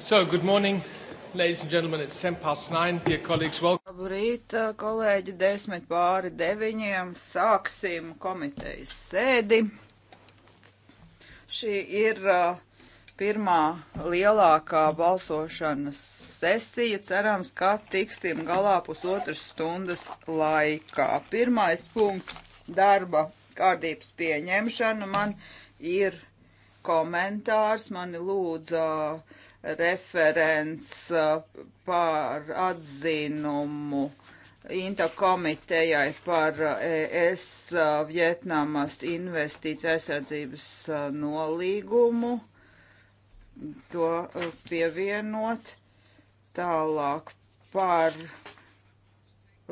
So, good morning, ladies and gentlemen, it's 10 past 9. Dear colleagues, welcome. Labrīt, uh, kolēģi, desmit pāri deviņiem. Sāksim komitejas sēdi. Šī ir uh, pirmā lielākā balsošanas sesija. Cerams, ka tiksim galā pusotras stundas laikā. Pirmais punkts - darba kārtības pieņemšana. Man ir komentārs, mani lūdza uh, referents uh, par atzinumu Inta komitejai par uh, ES uh, Vietnamas investīciju aizsardzības nolīgumu. To pievienot tālāk par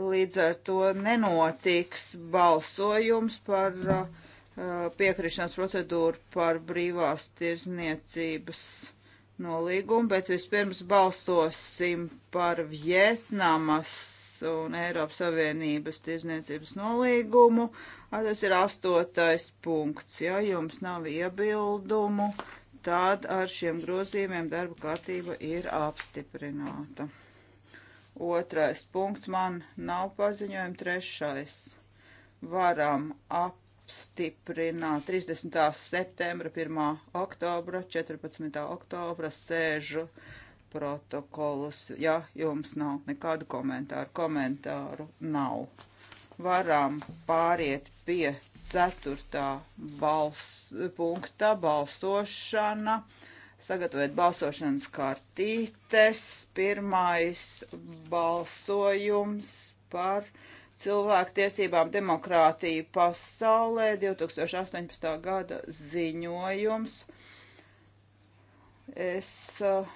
līdz ar to nenotiks balsojums par uh, piekrišanas procedūru par brīvās tirzniecības nolīgumu, bet vispirms balsosim par Vietnamas un Eiropas Savienības tirzniecības nolīgumu. A, tas ir astotais punkts. Ja jums nav iebildumu, tad ar šiem grozījumiem darba kārtība ir apstiprināta. Otrais punkts man nav paziņojumi. Trešais. Varam ap apstiprināt 30. septembra, 1. oktobra, 14. oktobra sēžu protokolus. Ja jums nav nekādu komentāru, komentāru nav. Varam pāriet pie 4. Bals, punkta balsošana. Sagatavot balsošanas kartītes, pirmais balsojums par uh, cilvēktiesībām demokrātiju pasaulē 2018. gada ziņojums. Es uh,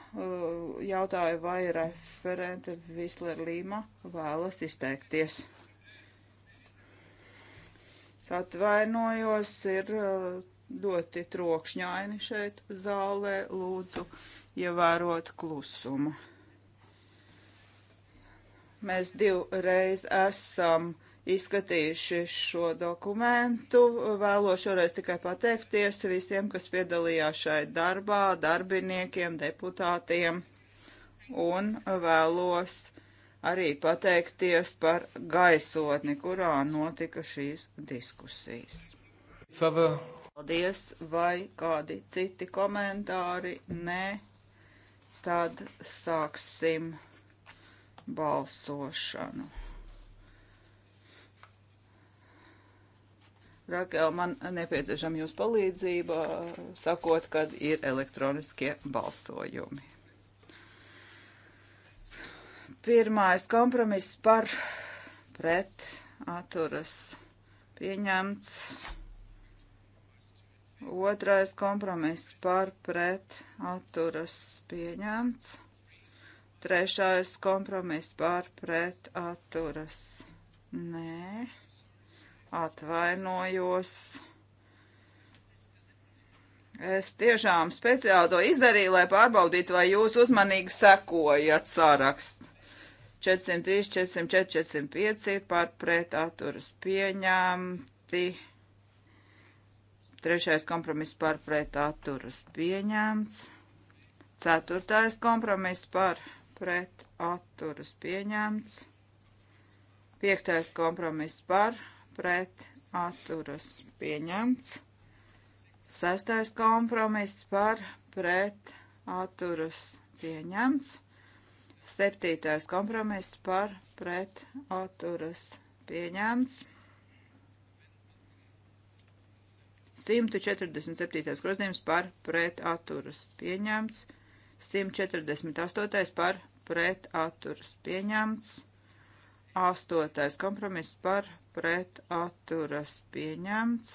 jautāju, vai referente Visler Līma vēlas izteikties. Atvainojos, ir uh, ļoti trokšņaini šeit zālē. Lūdzu, ievērot klusumu. Mēs divreiz esam izskatījuši šo dokumentu. Vēlos šoreiz tikai pateikties visiem, kas piedalījās šai darbā, darbiniekiem, deputātiem. Un vēlos arī pateikties par gaisotni, kurā notika šīs diskusijas. Favor. Paldies, vai kādi citi komentāri? Nē, tad sāksim balsošanu. Rakel, man nepieciešama jūs palīdzība, sakot, kad ir elektroniskie balsojumi. Pirmais kompromiss par pret atturas pieņemts. Otrais kompromiss par pret atturas pieņemts. Trešais kompromiss par pret atturas. Nē, atvainojos. Es tiešām speciāli to izdarīju, lai pārbaudītu, vai jūs uzmanīgi sekojat sarakstu. 403, 404, 405 par pret atturas pieņemti. Trešais kompromiss par pret atturas pieņemts. Ceturtais kompromiss par pret pret atturas pieņemts. Piektais kompromiss par pret atturas pieņemts. Sestais kompromiss par pret atturas pieņemts. Septītais kompromiss par pret atturas pieņemts. 147. grozījums par pret atturas pieņemts. 148. par pret atturas pieņemts. 8. kompromiss par pret atturas pieņemts.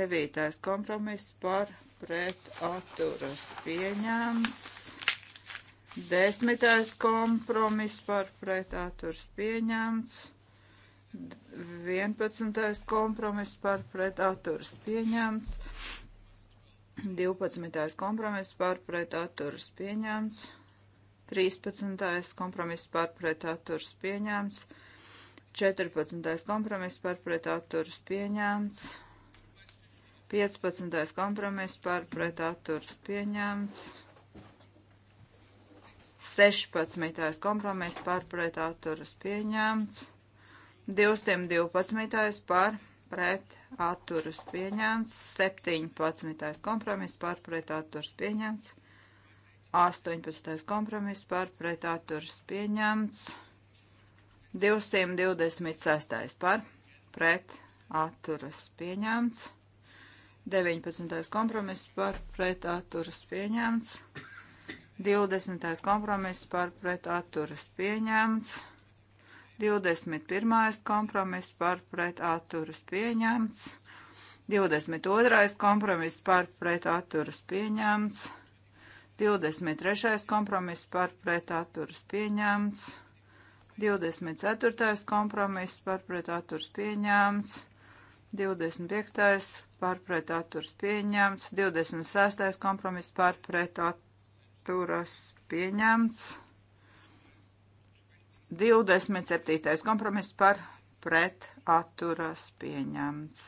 9. kompromiss par pret atturas pieņemts. 10. kompromiss par pret atturas pieņemts. 11. kompromiss par pret atturas pieņemts. 12. kompromiss pārpret atturas pieņemts. 13. kompromiss pārpret atturas pieņemts. 14. kompromiss pārpret atturas pieņemts. 15. kompromiss pārpret atturas pieņemts. 16. kompromiss pārpret atturas pieņemts. 212. pārpret pret atturas pieņemts, 17. kompromiss par pret atturas pieņemts, 18. kompromiss par pret atturas pieņemts, 226. par pret atturas pieņemts, 19. kompromiss par pret atturas pieņemts, 20. kompromiss par pret atturas pieņemts. 21. kompromiss par pret atturas pieņemts. 22. kompromiss par pret atturas pieņemts. 23. kompromiss par pret atturas pieņemts. 24. kompromiss pārpretaturs pieņēmts, 25. pārpretaturs pieņēmts, 26. kompromiss pārpretaturs pieņēmts, 27. kompromiss par pret atturas pieņemts.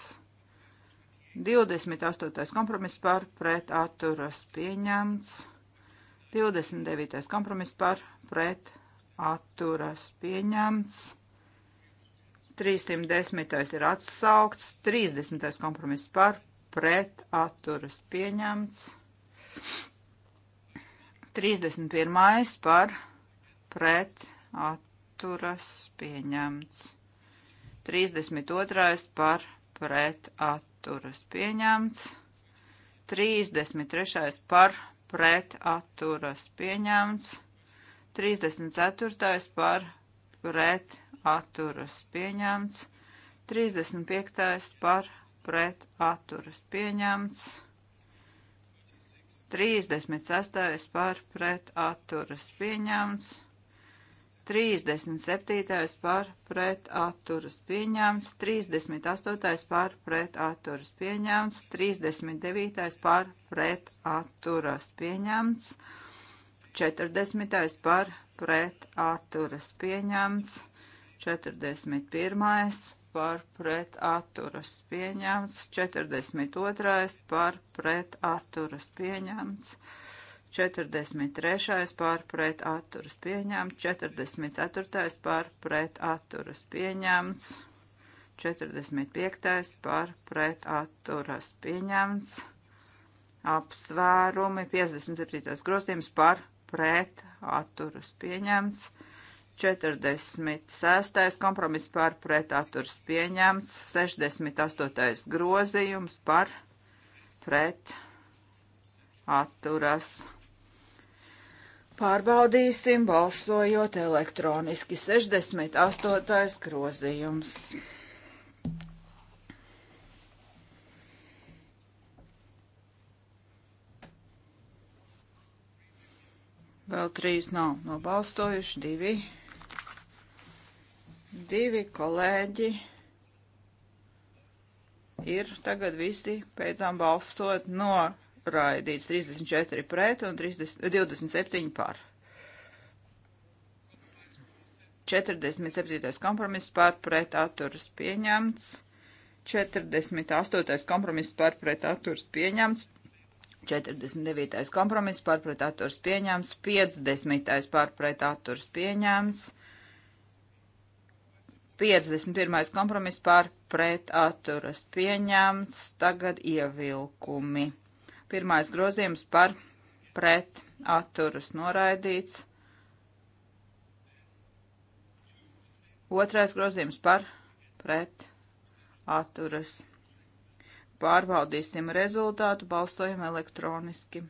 28. kompromiss par pret atturas pieņemts. 29. kompromiss par pret atturas pieņemts. 310. ir atsaukts. 30. kompromiss par pret atturas pieņemts. 31. par pret atturas pieņemts atturas pieņemts. 32. par pret atturas pieņemts. 33. par pret atturas pieņemts. 34. par pret atturas pieņemts. 35. par pret atturas pieņemts. 36. par pret atturas pieņemts. 37. par pret atturas pieņēmums, 38. par pret atturas pieņēmums, 39. par pret atturas pieņēmums, 40. par pret atturas pieņēmums, 41. par pret atturas pieņēmums, 42. par pret atturas pieņēmums. 43. pār pret atturas pieņemts, 44. pār pret atturas pieņemts, 45. pār pret atturas pieņemts, apsvērumi 57. grozījums par pret atturas pieņemts, 46. kompromiss par pretaturs pieņemts, 68. grozījums par pretatturas Pārbaudīsim, balsojot elektroniski 68. grozījums. Vēl trīs nav nobalstojuši, divi. Divi kolēģi ir tagad visi pēcām balsot no noraidīts 34 pret un 30, 27 par. 47. kompromiss par pret atturas pieņemts. 48. kompromiss par pret atturas pieņemts. 49. kompromiss par pret atturas pieņemts. 50. par pret atturas pieņemts. 51. kompromiss par pret atturas pieņemts. Tagad ievilkumi. Pirmais grozījums par pret atturas noraidīts. Otrais grozījums par pret atturas. Pārbaudīsim rezultātu, balsojam elektroniski.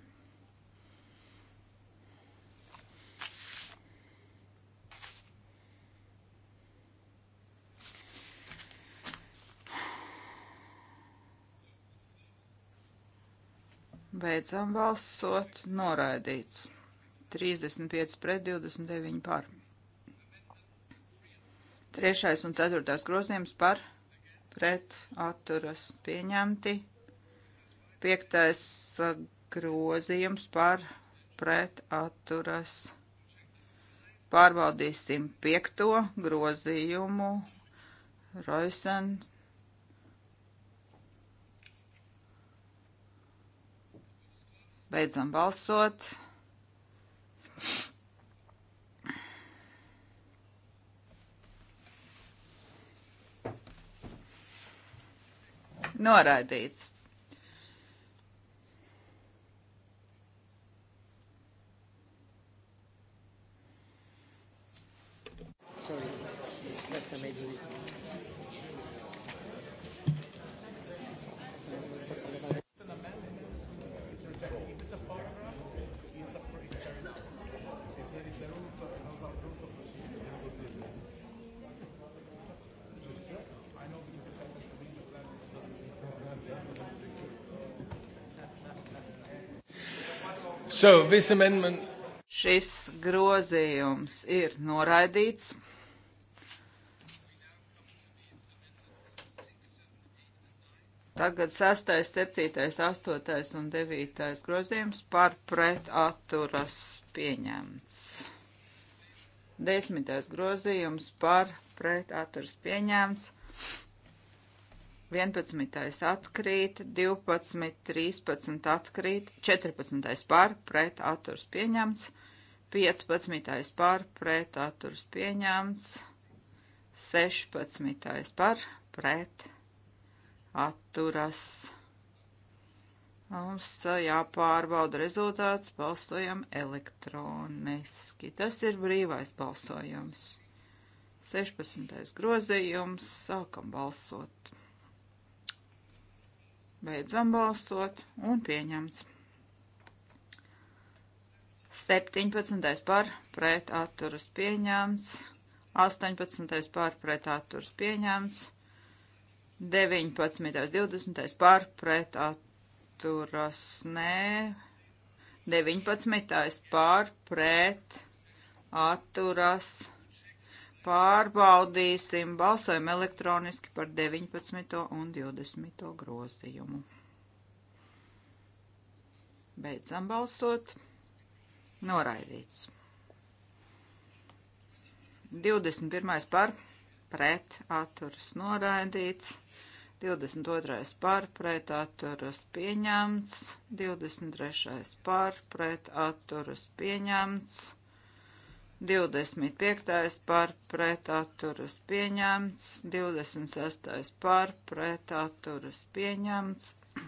Beidzam balsot. Noraidīts. 35 pret 29 par. Trešais un ceturtās grozījums par pret atturas pieņemti. Piektais uh, grozījums par pret atturas. Pārbaudīsim piekto grozījumu. Roisens Beidzam balsot. Noraidīts. Sorry, just a major reason. So, this amendment... Šis grozījums ir noraidīts. Tagad 6, 7, 8 un 9 grozījums par pretaturas pieņemts. 10. grozījums par pretaturas pieņemts. 11. atkrīt, 12, 13 atkrīt, 14. pār pret atturs pieņemts, 15. pār pret atturs pieņemts, 16. pār pret atturas. Mums jāpārbauda rezultāts, balsojam elektroniski. Tas ir brīvais balsojums. 16. grozījums, sākam balsot. Beidzam balsot un pieņemts. 17. par pret atturas pieņemts. 18. par pret atturas pieņemts. 19. 20. par pret atturas nē. 19. par pret atturas pieņemts Pārbaudīsim, balsojam elektroniski par 19. un 20. grozījumu. Beidzam balsot. Noraidīts. 21. par pret atturas noraidīts. 22. par pret atturas pieņemts. 23. par pret atturas pieņemts. 25. par pretaturas pieņemts, 26. par pretaturas pieņemts,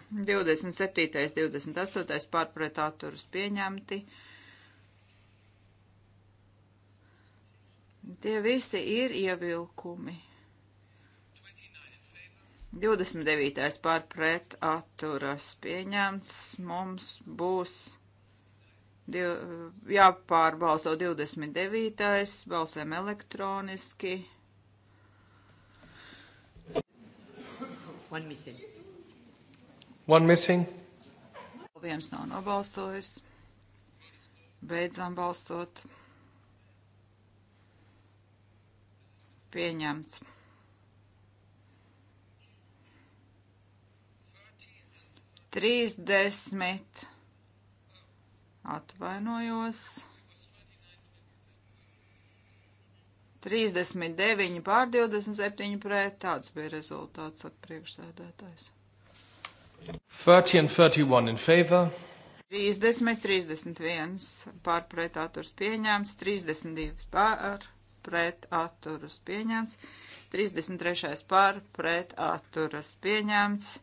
27. 28. par pretaturas pieņemti. Tie visi ir ievilkumi. 29. par pretaturas pieņemts mums būs Div, jāpārbalso 29. balsēm elektroniski. One missing. One missing. Viens nav nobalsojis. Beidzam balstot. Pieņemts. 30 Atvainojos. 39 pār 27 pret. Tāds bija rezultāts, saka priekšsēdētājs. 30 and 31 in favor. 30, 31 pār pret atturas pieņēmts, 32 pār pret atturas pieņēmts, 33 pār pret atturas pieņēmts.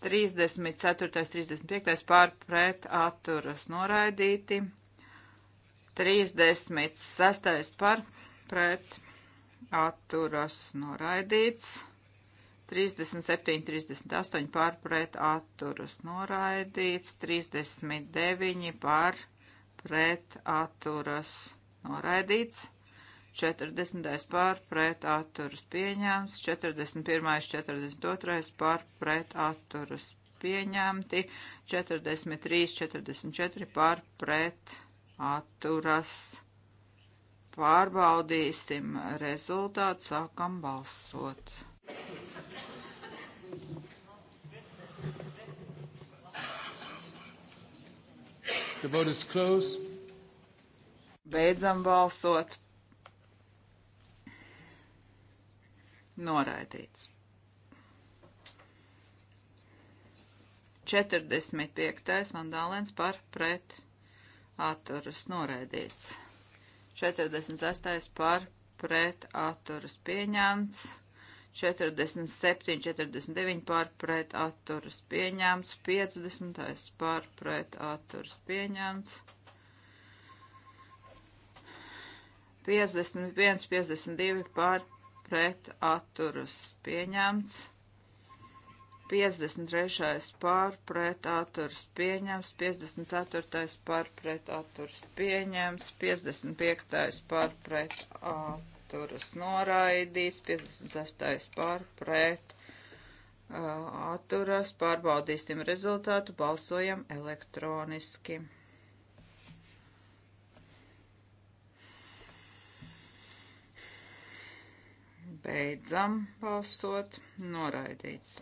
34. 35. pār pret atturas noraidīti. 36. par pret atturas noraidīts. 37, 38 par pret atturas noraidīts. 39 par pret atturas noraidīts. 40. pār pret atturas pieņēmts, 41. 42. pār pret atturas pieņemti, 43, 44 pār pret atturas. Pārbaudīsim rezultātu, sākam balsot. The vote is closed. Beidzam balsot noraidīts. 45. mandālēns par pret atturas noraidīts. 46. par pret atturas pieņemts. 47, 49 par pret atturas pieņemts. 50. par pret atturas pieņemts. 51, 52 par pret atturas pieņemts. 53. pār pret atturs pieņems, 54. pār pret atturs pieņems, 55. pār pret atturs noraidīts, 56. pār pret uh, atturas pārbaudīsim rezultātu, balsojam elektroniski. Beidzam balsot. Noraidīts.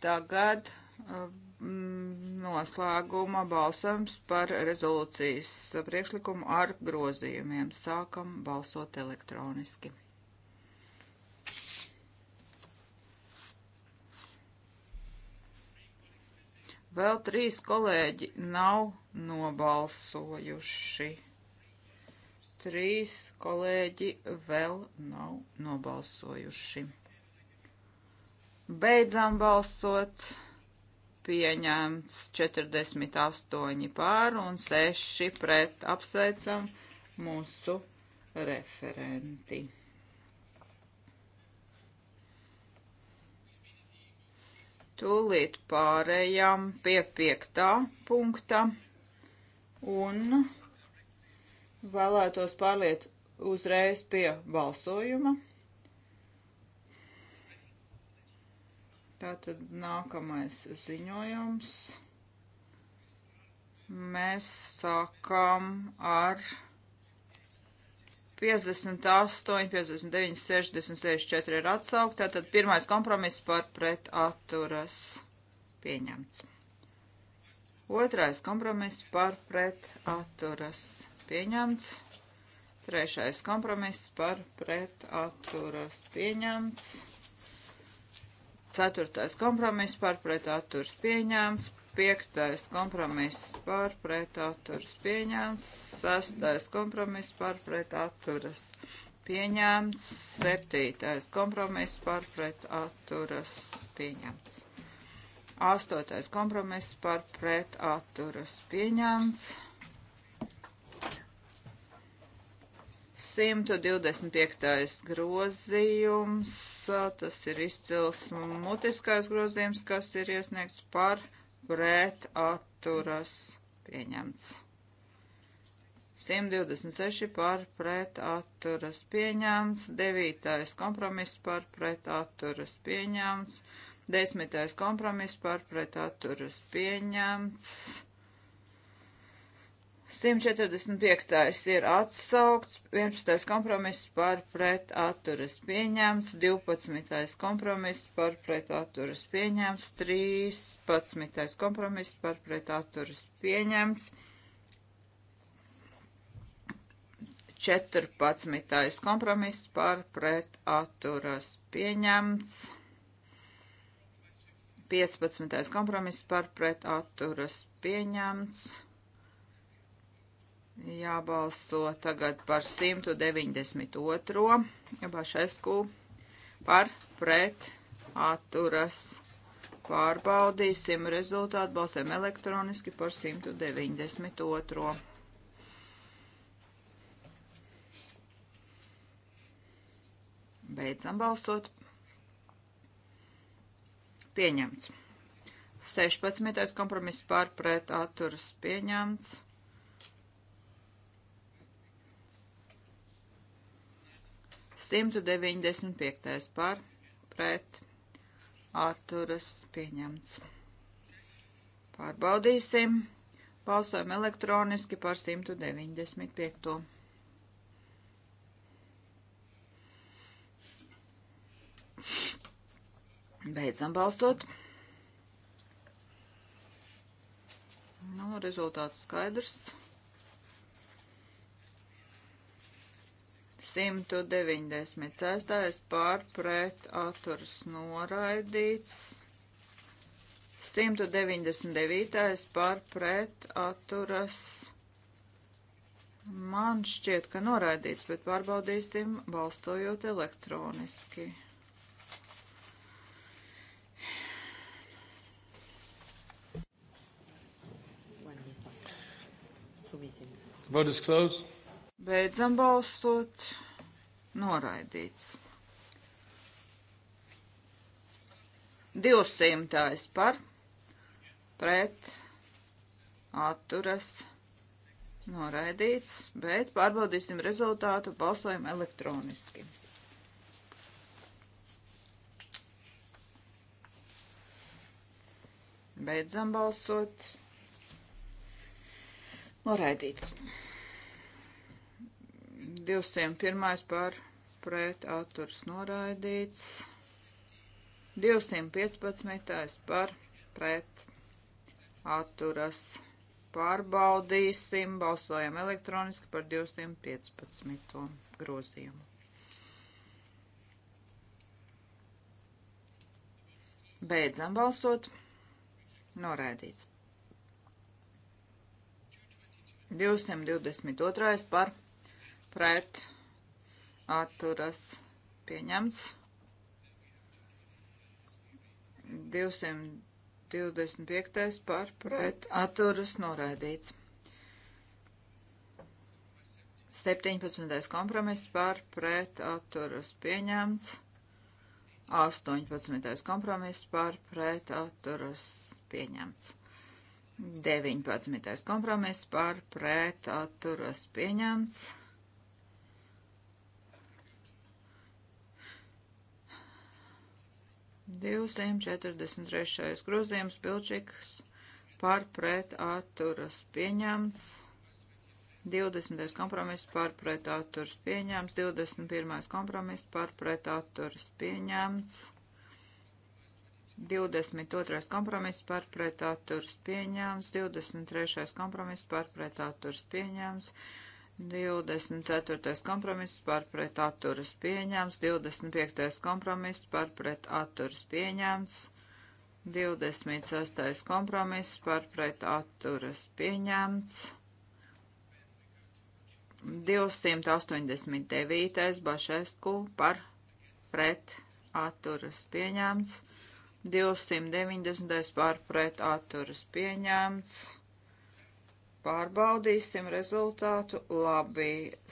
Tagad uh, mm, noslēguma balsojums par rezolūcijas priekšlikumu ar grozījumiem. Sākam balsot elektroniski. Vēl trīs kolēģi nav nobalsojuši. Trīs kolēģi vēl nav nobalsojuši. Beidzam balsot. Pieņemts 48 pār un 6 pret. Apsveicam mūsu referenti. Tūlīt pārējām pie piektā punkta un vēlētos pārliet uzreiz pie balsojuma. Tātad nākamais ziņojums. Mēs sākam ar 58, 59, 60, 64 ir atsaukt. Tātad pirmais kompromiss par pret atturas pieņemts. Otrais kompromiss par pret atturas pieņemts pieņemts. Trešais kompromiss par pret atturas pieņemts. Ceturtais kompromiss par pret atturas pieņemts. Piektais kompromiss par pret atturas pieņemts. Sestais kompromiss par pret atturas pieņemts. Septītais kompromiss par pret atturas pieņemts. Astotais kompromiss par pret atturas pieņemts. 125. grozījums, tas ir izcils mutiskais grozījums, kas ir iesniegts par pret atturas pieņemts. 126 par pret atturas pieņemts, 9. kompromiss par pret atturas pieņemts, 10. kompromiss par pret atturas pieņemts. 145. ir atsaukts, 11. kompromiss par pretaturas pieņemts, 12. kompromiss par pretaturas pieņemts, 13. kompromiss par pretaturas pieņemts, 14. kompromiss par pretaturas pieņemts. 15. kompromiss par pretaturas pieņemts. Jābalso tagad par 192. Bašesku par pret atturas. Pārbaudīsim rezultātu. Balsēm elektroniski par 192. Beidzam balsot. Pieņemts. 16. kompromiss par pret atturas pieņemts. 195. par pret atturas pieņemts. Pārbaudīsim. Balsojam elektroniski par 195. Beidzam balstot. Nu, rezultāts skaidrs. 196. pār pret atturs noraidīts. 199. pār pret atturas. Man šķiet, ka noraidīts, bet pārbaudīsim balstojot elektroniski. Vote is closed. Beidzam balsot noraidīts. 200 par pret atturas noraidīts, bet pārbaudīsim rezultātu balsojumu elektroniski. Beidzam balsot. Noraidīts. 201 par pret atturs noraidīts. 215 par pret atturas pārbaudīsim. Balsojam elektroniski par 215 grozījumu. Beidzam balsot. Noraidīts. 222 par pret pret atturas pieņemts. 225. par pret atturas noraidīts. 17. kompromiss par pret atturas pieņemts. 18. kompromiss par pret atturas pieņemts. 19. kompromiss par pret atturas pieņemts. 243. grozījums Pilčiks par pret atturas pieņemts. 20. kompromiss par pret atturas pieņemts. 21. kompromiss par pret atturas pieņemts. 22. kompromiss par pretāturs pieņēmums, 23. kompromiss par pretāturs pieņēmums, 24. kompromiss par pret atturas pieņēmts, 25. kompromiss par pret atturas pieņēmts, 26. kompromiss par pret atturas pieņēmts, 289. bašesku par pret atturas pieņēmts, 290. par pret atturas pieņēmts. Pārbaudīsim rezultātu. Labi,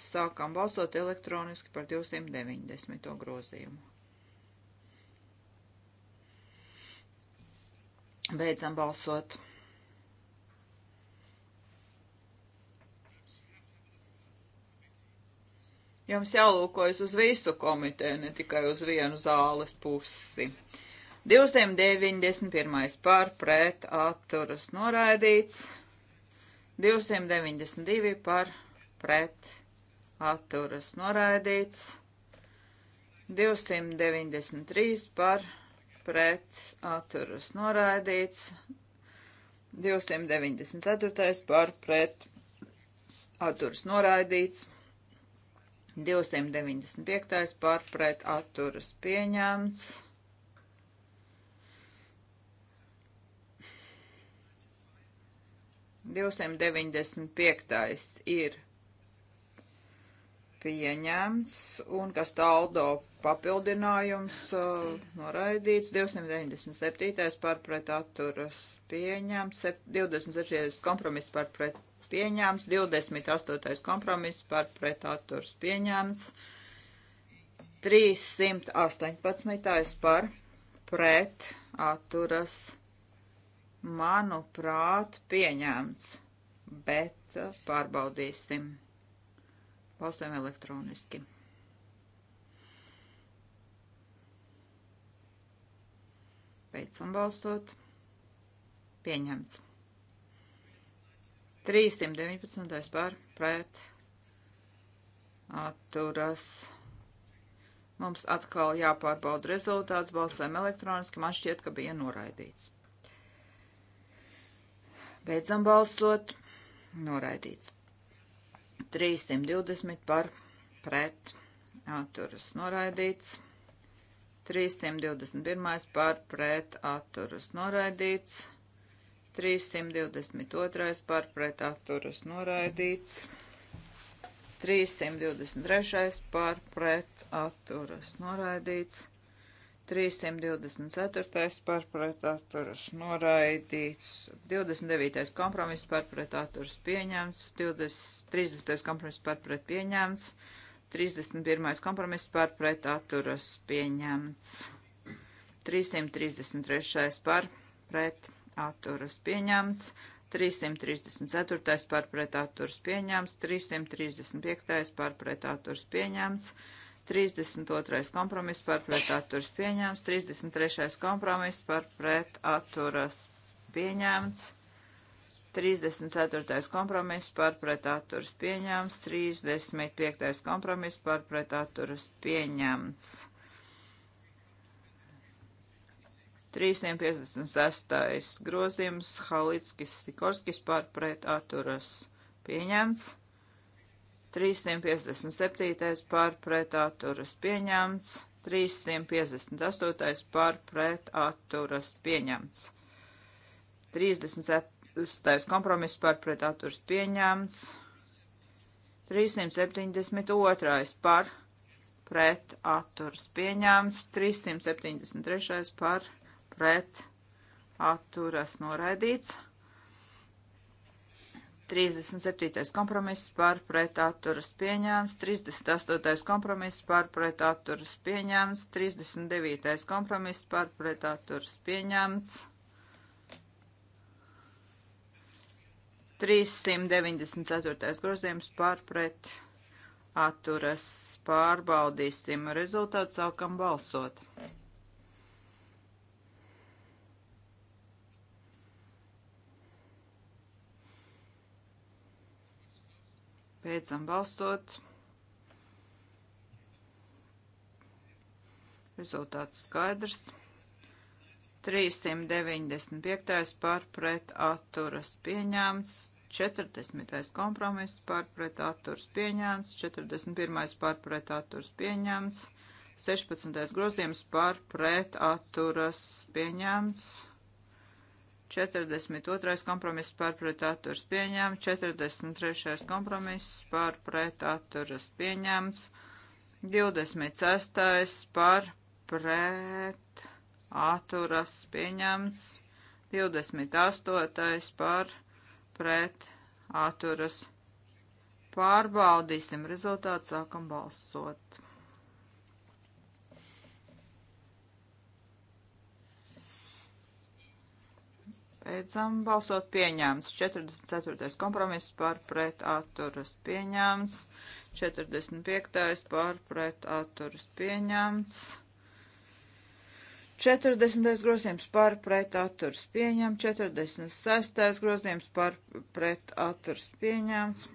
sākam balsot elektroniski par 290. grozījumu. Beidzam balsot. Jums jālūkojas uz visu komiteju, ne tikai uz vienu zāles pusi. 291. par pret atturas noraidīts. 292 par pret atturas noraidīts. 293 par pret atturas noraidīts. 294 par pret atturas noraidīts. 295 par pret atturas pieņemts. 295. ir pieņemts, un kas taldo papildinājums uh, noraidīts, 297. pārpret atturas pieņemts, 26. kompromiss pārpret pieņemts, 28. kompromiss pārpret atturas pieņemts, 318. par pret atturas pieņemts manuprāt, pieņemts, bet pārbaudīsim. Balsojam elektroniski. Beidzam balsot. Pieņemts. 319. pār pret atturas. Mums atkal jāpārbauda rezultāts. Balsojam elektroniski. Man šķiet, ka bija noraidīts. Beidzam balsot. Noraidīts. 320 par pret. Atturas noraidīts. 321 par pret. Atturas noraidīts. 322 par pret. Atturas noraidīts. 323 par pret. Atturas noraidīts. 324. pārpretāturas noraidīts, 29. kompromiss pārpretāturas pieņemts, 20, 30. kompromiss pārpret pieņemts, 31. kompromiss pārpretāturas pieņemts, 333. pārpretāturas pieņemts, 334. pārpretāturas pieņemts, 335. pārpretāturas pieņemts, 32. kompromiss par pretaturas pieņēmts, 33. kompromiss par pretaturas pieņēmts, 34. kompromiss par pretaturas pieņēmts, 35. kompromiss par pretaturas pieņēmts, 356. grozījums Halitskis Sikorskis par pretaturas pieņēmts. 357. par pret atturas pieņemts, 358. par pret atturas pieņemts, 37. kompromiss par pret atturas pieņemts, 372. par pret atturas pieņemts, 373. par pret atturas noraidīts. 37. kompromiss par pretaturas pieņēmums, 38. kompromiss par pretaturas pieņēmums, 39. kompromiss par pretaturas pieņēmums, 394. grozījums par pretaturas pārbaudīsim rezultātu, sākam balsot. Beidzam balsot. Rezultāts skaidrs. 395. par pret atturas pieņēmts. 40. kompromiss par pret atturas pieņēmts. 41. par pret atturas pieņēmts. 16. grozījums par pret atturas pieņēmts. 42. kompromiss par pretaturas pieņemts, 43. kompromiss par pretaturas pieņemts, 26. par pretaturas pieņemts, 28. par pretaturas pārbaudīsim rezultātu, sākam balsot. Beidzam balsot pieņēmts. 44. kompromiss par pret atturas pieņēmts. 45. par pret atturas pieņēmts. 40. grozījums par pret atturas pieņemts. 46. grozījums par pret atturas pieņemts.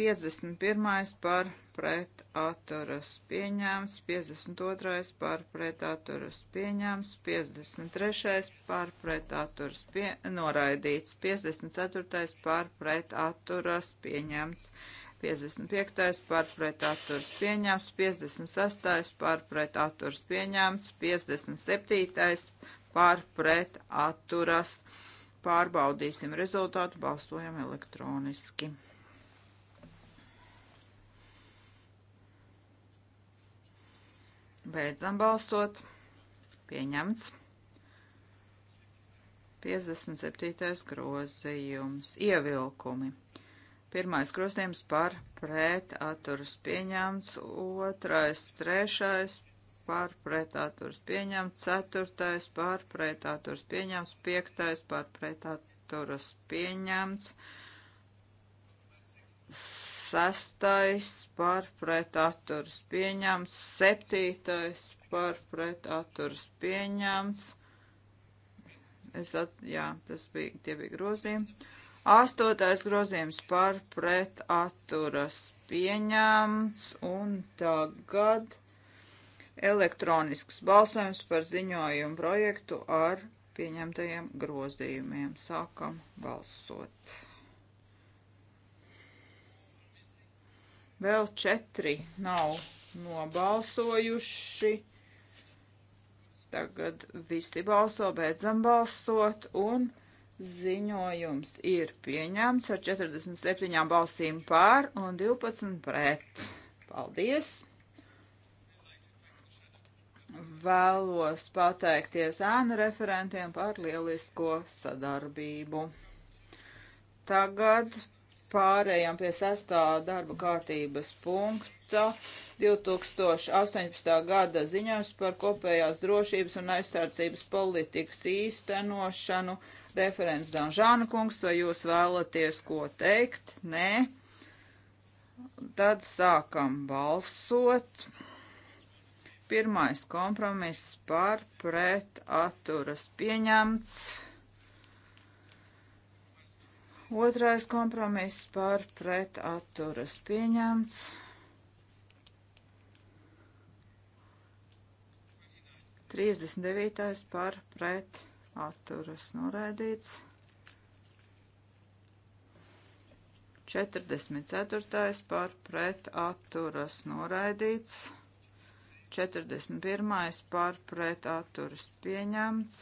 51. par pret atturas pieņēmts, 52. par pret atturas pieņēmts, 53. par pret atturas pie, noraidīts, 54. par pret atturas pieņēmts. 55. pārpret atturs pieņemts, 56. pārpret atturs pieņemts, 57. pārpret atturas. Pārbaudīsim rezultātu, balsojam elektroniski. Beidzam balsot. Pieņemts. 57. grozījums. Ievilkumi. Pirmais grozījums par pret atturus pieņemts. Otrais, trešais par pretāturs pieņemts, ceturtais par pretāturs pieņemts, piektais par pretāturs pieņemts, Sestais par pretaturas pieņemts. Septītais par pretaturas pieņemts. Es at, jā, tas bija, tie bija grozījumi. Astotais grozījums par pretaturas pieņemts. Un tagad elektronisks balsojums par ziņojumu projektu ar pieņemtajiem grozījumiem. Sākam balsot. Vēl četri nav nobalsojuši. Tagad visi balso, beidzam balsot, un ziņojums ir pieņemts ar 47 balsīm pār un 12 pret. Paldies! Vēlos pateikties ēnu referentiem par lielisko sadarbību. Tagad pārējām pie sestā darba kārtības punkta 2018. gada ziņās par kopējās drošības un aizstādzības politikas īstenošanu. Referents Danžāna kungs, vai jūs vēlaties ko teikt? Nē. Tad sākam balsot. Pirmais kompromiss par pret atturas pieņemts. Otrais kompromiss par pret atturas pieņemts. 39. par pret atturas noraidīts. 44. par pret atturas noraidīts. 41. par pret atturas pieņemts.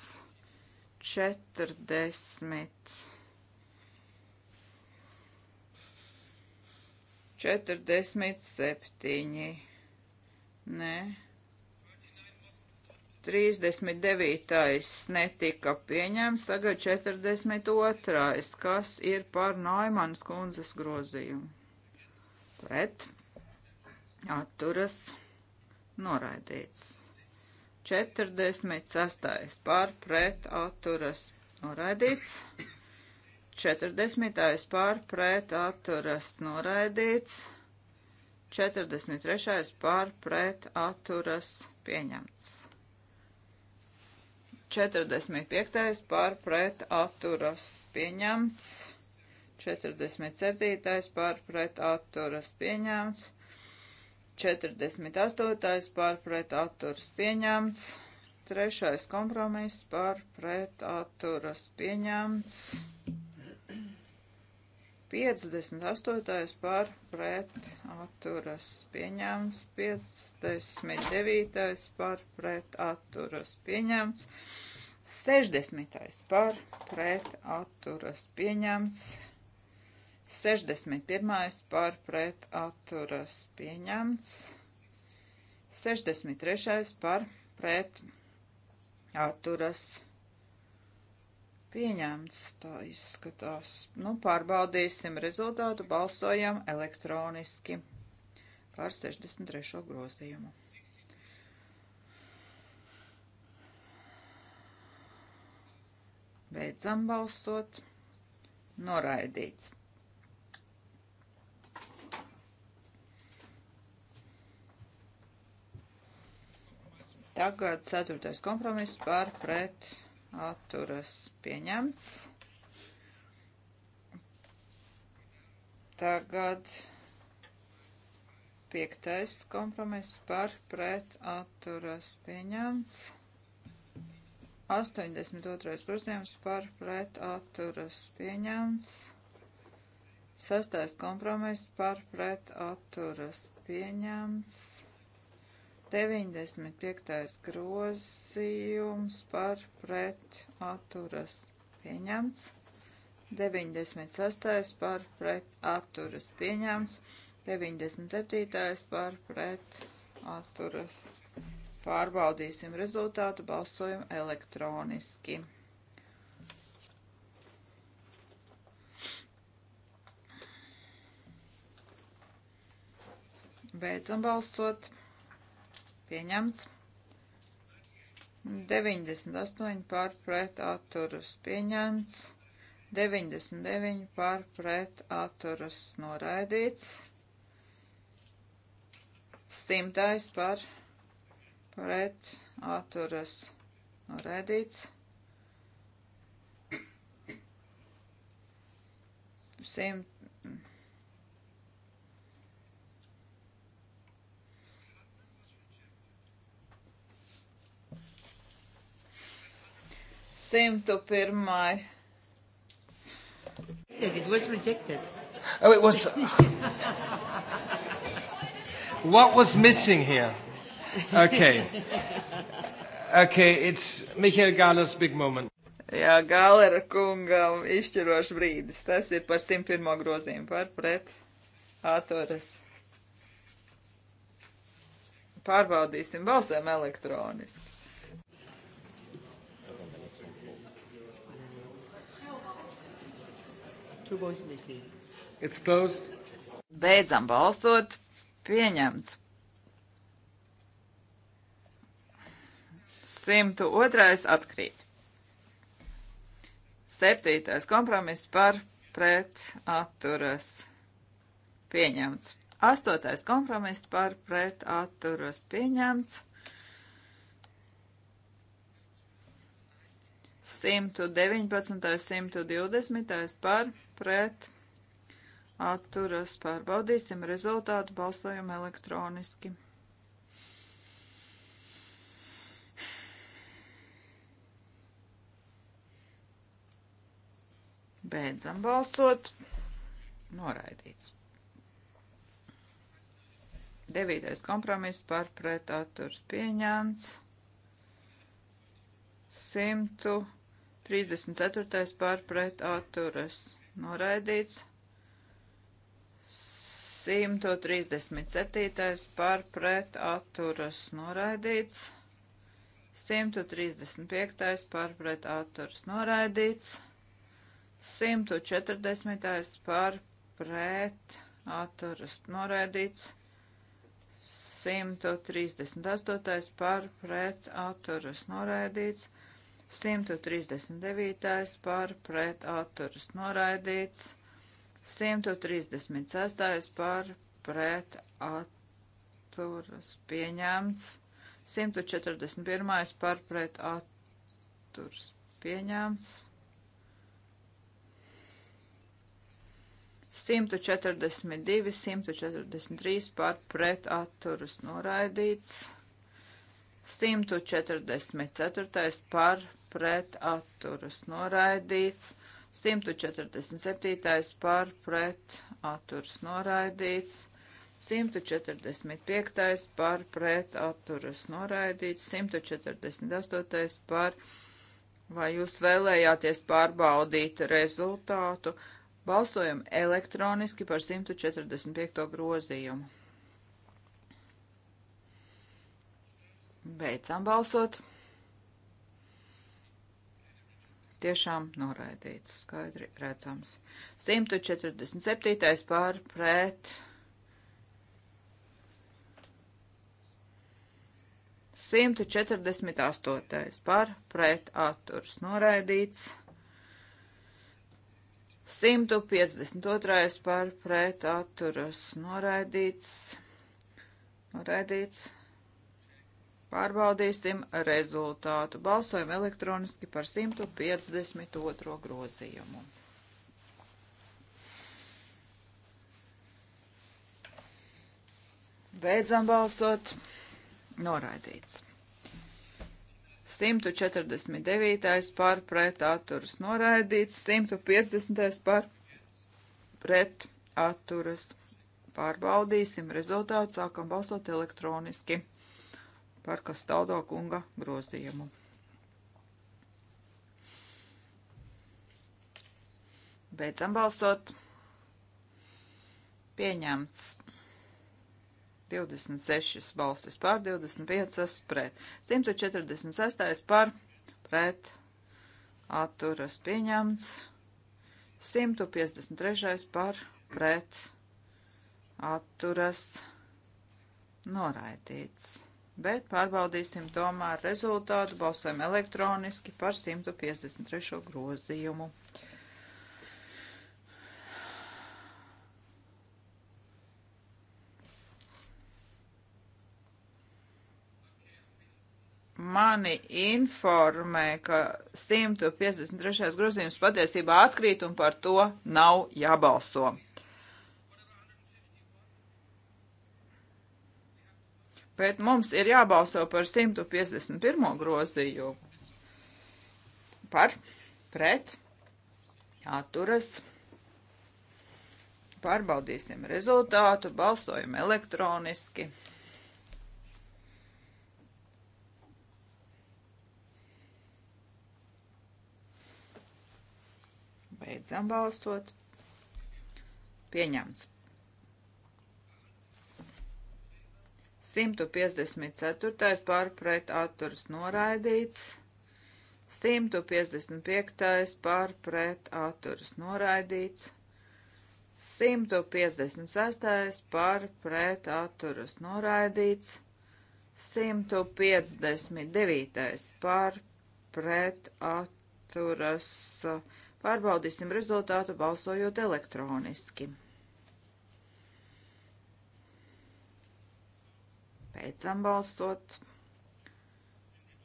40. 47. Nē. 39. netika pieņemts, tagad 42. kas ir par Naimanas kundzes grozījumu. Pret atturas noraidīts. 46. par pret atturas noraidīts. 40. pār pret atturas noraidīts. 43. pār pret atturas pieņemts. 45. pār pret atturas pieņemts. 47. pār pret atturas pieņemts. 48. pār pret atturas pieņemts. 3. kompromiss pār pret atturas pieņemts. 58. par pret atturas pieņēmums, 59. par pret atturas pieņēmums, 60. par pret atturas pieņēmums, 61. par pret atturas pieņēmums, 63. par pret atturas pieņēmums. Pieņemts, tā izskatās. Nu, pārbaudīsim rezultātu, balsojam elektroniski par 63. grozījumu. Beidzam balsot. Noraidīts. Tagad ceturtais kompromiss par pret atturas pieņemts. Tagad piektais kompromiss par pret atturas pieņemts. 82. grozījums par pret atturas pieņemts. Sastais kompromiss par pret atturas pieņemts. 95. grozījums par pret atturas pieņemts. 96. par pret atturas pieņemts. 97. par pret atturas. Pārbaudīsim rezultātu balsojumu elektroniski. Beidzam balsot pieņemts. 98 par pret atturus pieņemts. 99 par pret atturus noraidīts. 100 par pret atturus noraidīts. 100 101. It was rejected. Oh, it was. Uh, what was missing here? Okay. Okay, it's Mihail Gala's big moment. Jā, Galera kungam izšķirošs brīdis. Tas ir par 101. grozījumu par pret atturas. Pārbaudīsim, balsēm elektroniski. Beidzam balsot. Pieņemts. 102. atkrīt. 7. kompromiss par pret atturas. Pieņemts. 8. kompromiss par pret atturas. Pieņemts. 119. 120. par pret atturas pret atturas pārbaudīsim rezultātu balsojumu elektroniski. Beidzam balsot. Noraidīts. Devītais kompromiss par pretaturs pieņēmts. 134. par pretaturas noraidīts. 137. par pret atturas noraidīts. 135. par pret atturas noraidīts. 140. par pret atturas noraidīts. 138. par pret atturas noraidīts. 139. par pret atturas noraidīts, 136. par pret atturas pieņemts, 141. par pret atturas pieņemts, 142, 143 par pret atturas noraidīts, 144 par pret pret atturas noraidīts. 147. par pret atturas noraidīts. 145. par pret atturas noraidīts. 148. par vai jūs vēlējāties pārbaudīt rezultātu. Balsojam elektroniski par 145. grozījumu. Beidzam balsot. tiešām noraidīts, skaidri redzams. 147. pār pret 148. par pret atturs noraidīts. 152. par pret atturas noraidīts. Noraidīts. Pārbaudīsim rezultātu. Balsojam elektroniski par 152. grozījumu. Beidzam balsot. Noraidīts. 149. par pret atturas noraidīts, 150. par pret atturas. Pārbaudīsim rezultātu, sākam balsot elektroniski par Kastaldo kunga grozījumu. Beidzam balsot. Pieņemts 26 balsis par, 25 pret, 146 par, pret, atturas pieņemts, 153 par, pret, atturas noraidīts bet pārbaudīsim tomēr rezultātu. Balsojam elektroniski par 153. grozījumu. Mani informē, ka 153. grozījums patiesībā atkrīt un par to nav jābalso. bet mums ir jābalso par 151. grozījumu. Par, pret, atturas. Pārbaudīsim rezultātu, balsojam elektroniski. Beidzam balsot. Pieņemts. 154. par pret atturas noraidīts. 155. par pret atturas noraidīts. 156. par pret atturas noraidīts. 159. par pret atturas. Pārbaudīsim rezultātu balsojot elektroniski. Beidzam balsot.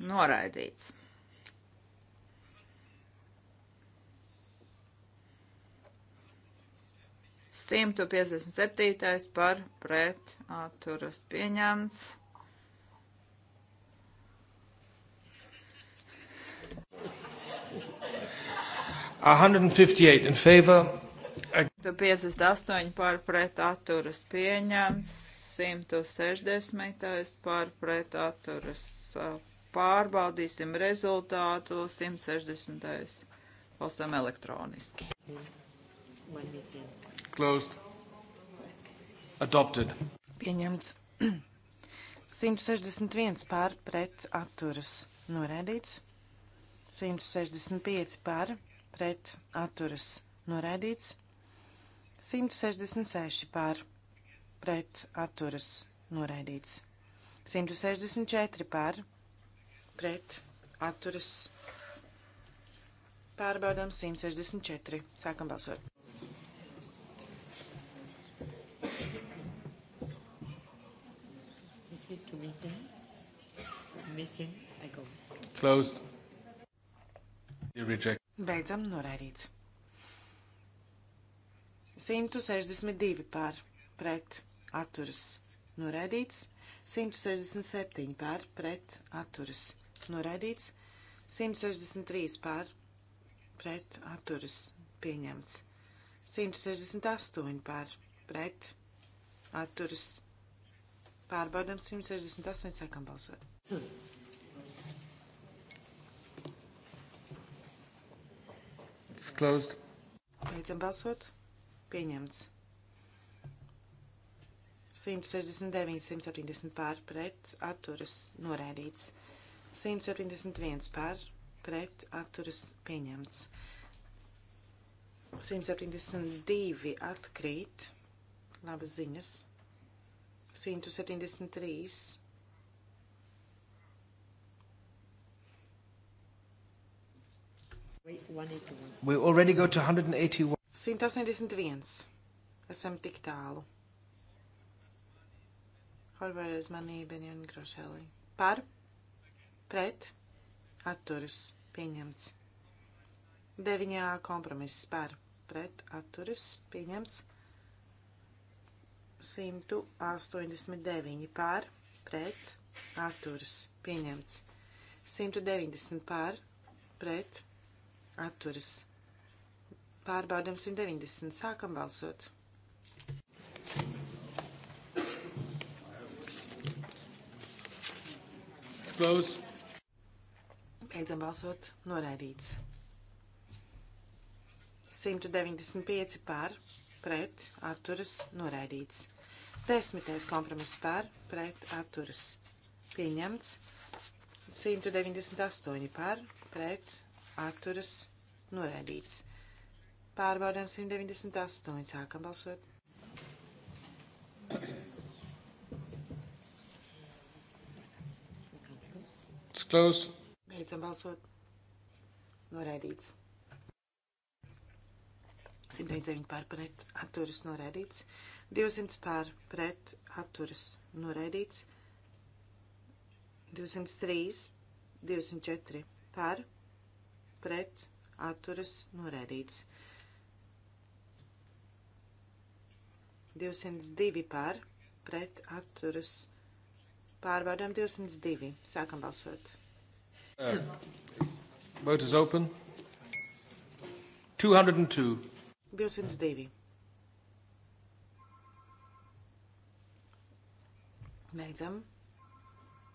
Noraidīts. Simtu piecdesmit septītais par pret atturas pieņemts. A 158 in favor. 58 par pret atturas pieņemts. 160. par pret atturas pārbaudīsim rezultātu 160. Balstam elektroniski. Closed. Adopted. Pieņemts. 161 pār pret atturas norēdīts. 165 par, pret atturas noraidīts, 166 par, pret atturas noraidīts. 164 par pret atturas. Pārbaudām 164. Sākam balsot. Closed. Beidzam noraidīts. 162 pār pret atturas noraidīts, 167 pār pret atturas noraidīts, 163 pār pret atturas pieņemts, 168 pār pret atturas pārbaudam 168 sākam balsot. Hmm. It's closed. Beidzam balsot. Pieņemts. 169, 170 pār pret atturas noraidīts. 171 pār pret atturas pieņemts. 172 atkrīt. Labas ziņas. 173. We already go to 181. 181. Esam tik tālu. Horvēra uzmanība un Grošēlī. Par, pret, atturas, pieņemts. Deviņā kompromiss par, pret, atturas, pieņemts. 189 par, pret, atturas, pieņemts. 190 par, pret, atturas. Pārbaudam 190, sākam balsot. closed. Beidzam balsot. Noraidīts. 195 par, pret, atturas, noraidīts. Desmitais kompromiss par, pret, atturas. Pieņemts. 198 par, pret, atturas, noraidīts. Pārbaudām 198. Sākam balsot. Close. Beidzam balsot. Noraidīts. 109 pār pret atturas noraidīts. 200 pār pret atturas noraidīts. 203, 204 pār pret atturas noraidīts. 202 pār pret atturas pārbaudām 202. Sākam balsot. Uh, vote is open. 202. 202. Beidzam.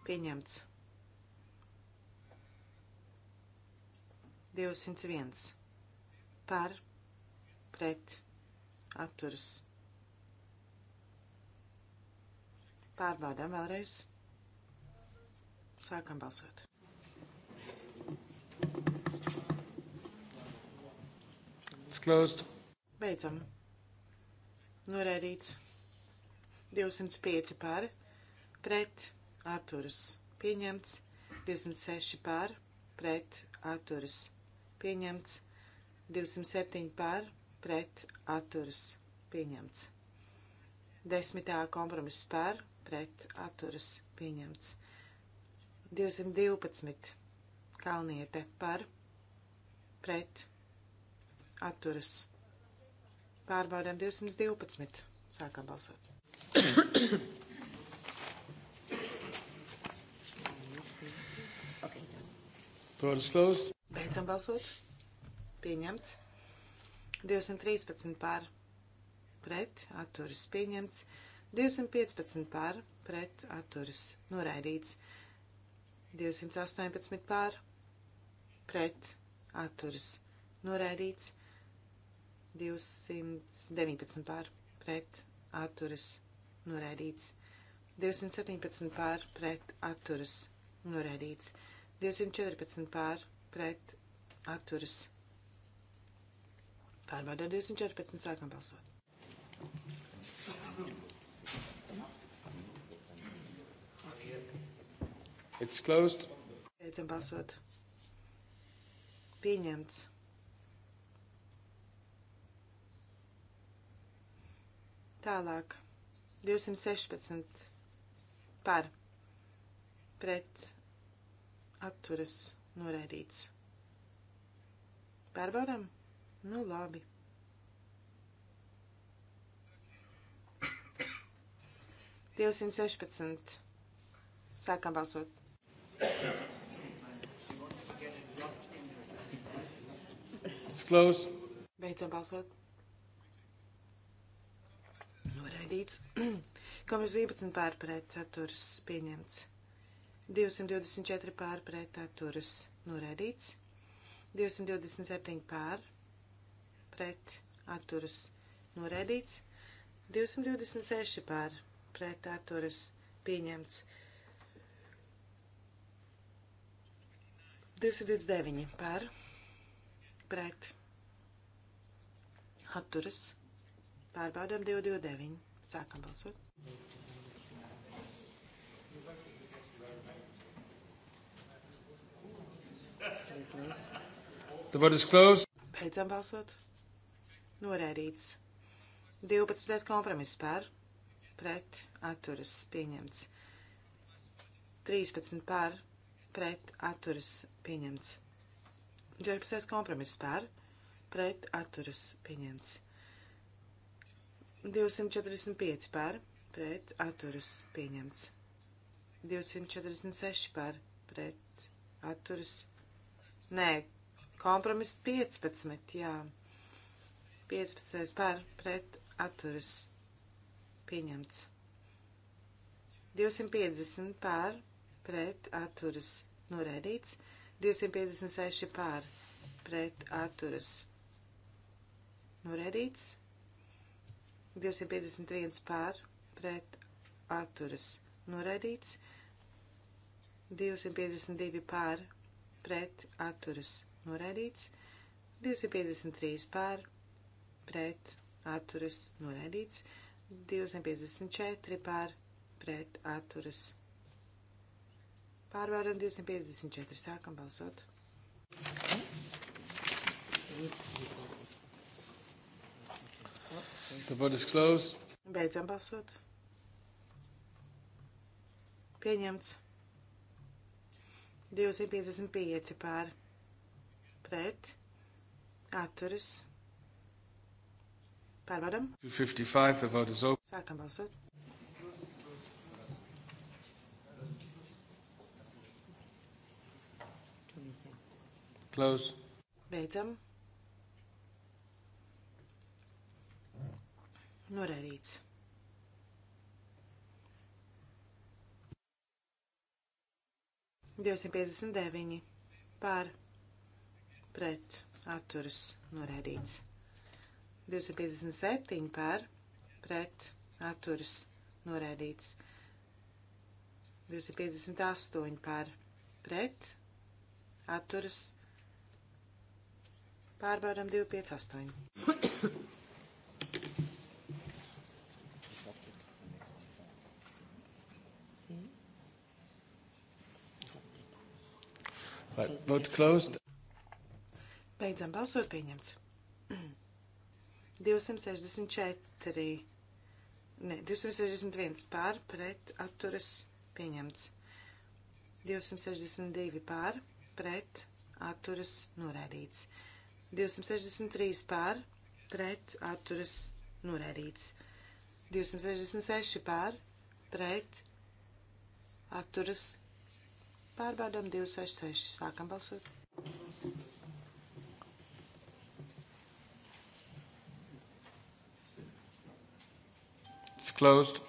Pieņemts. 201. Par, pret, atturs. Pārbaudām vēlreiz. Sākam balsot. It's closed. Beidzam. Noraidīts. 205 par, pret, atturas. Pieņemts. 206 par, pret, atturas. Pieņemts. 207 par, pret, atturas. Pieņemts. Desmitā kompromiss par, pret, atturas. Pieņemts. 212 Kalniete par, pret, atturas. Pārbaudām 212. Sākam balsot. Beidzam balsot. Pieņemts. 213 pār pret atturas pieņemts. 215 pār pret atturas noraidīts. 218 pār pret atturas noraidīts. 219 pār pret atturas noraidīts. 217 pār pret atturas noraidīts. 214 pār pret atturas. Pārbaudā 214 sākam balsot. It's closed. Beidzam balsot. Pieņemts. Tālāk. 216 par pret atturas noraidīts. Pārbaudām? Nu labi. Divsimt sešpadsmit. Sākam balsot. It's closed. Beidzam balsot. noraidīts. Kompromiss 11 pārpret atturas pieņemts. 224 pārpret atturas noraidīts. 227 pārpret atturas noraidīts. 226 pārpret atturas pieņemts. 229 par pret atturas pārbaudām 229. Sākam balsot. The vote is closed. Beidzam balsot. Norēdīts. 12. kompromiss par, pret, atturas, pieņemts. 13 par, pret, atturas, pieņemts. 14. kompromiss par, pret, atturas, pieņemts. 245 par, pret atturas pieņemts. 246 par, pret atturas. Nē, kompromiss 15, jā. 15 par, pret atturas pieņemts. 250 par, pret atturas noraidīts. 256 par, pret atturas noraidīts. 251 pār pret atturas noraidīts, 252 pār pret atturas noraidīts, 253 pār pret atturas noraidīts, 254 pār pret atturas. Pārvaram 254, sākam balsot. Thank you. The vote is closed. Beidzam balsot. Pieņemts. 255 pār. Pret. Atturis. Pārbaudam. 255, the vote is open. Sākam balsot. Close. Beidzam. Norēdīts. Divsimt piecdesmit deviņi pār pret atturas norēdīts. 257 pār pret atturas norēdīts. 258 pār pret atturas pārbaudam 258. Right. Vote closed. Beidzam balsot pieņemts. 264. Nē, 261 pār pret atturas pieņemts. 262 pār pret atturas norēdīts. 263 pār pret atturas norēdīts. 266 pār pret atturas norēdīts Pārbaudām 266. Sākam balsot. It's closed.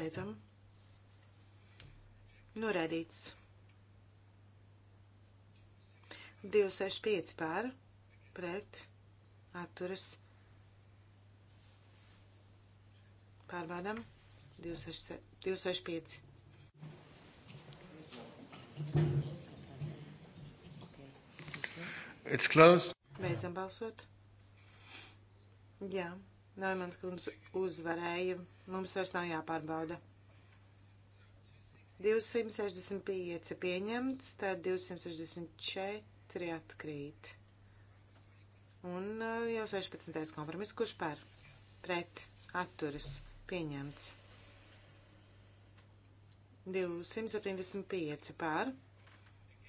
Beidzam. Noraidīts. 265 pār, pret, atturas. Pārbaudām 265. It's closed. Beidzam balsot. Jā, Naimans kundze uzvarēja. Mums vairs nav jāpārbauda. 265 pieņemts, tad 264 atkrīt. Un uh, jau 16. kompromiss, kurš par? Pret, atturas, pieņemts. 275 pār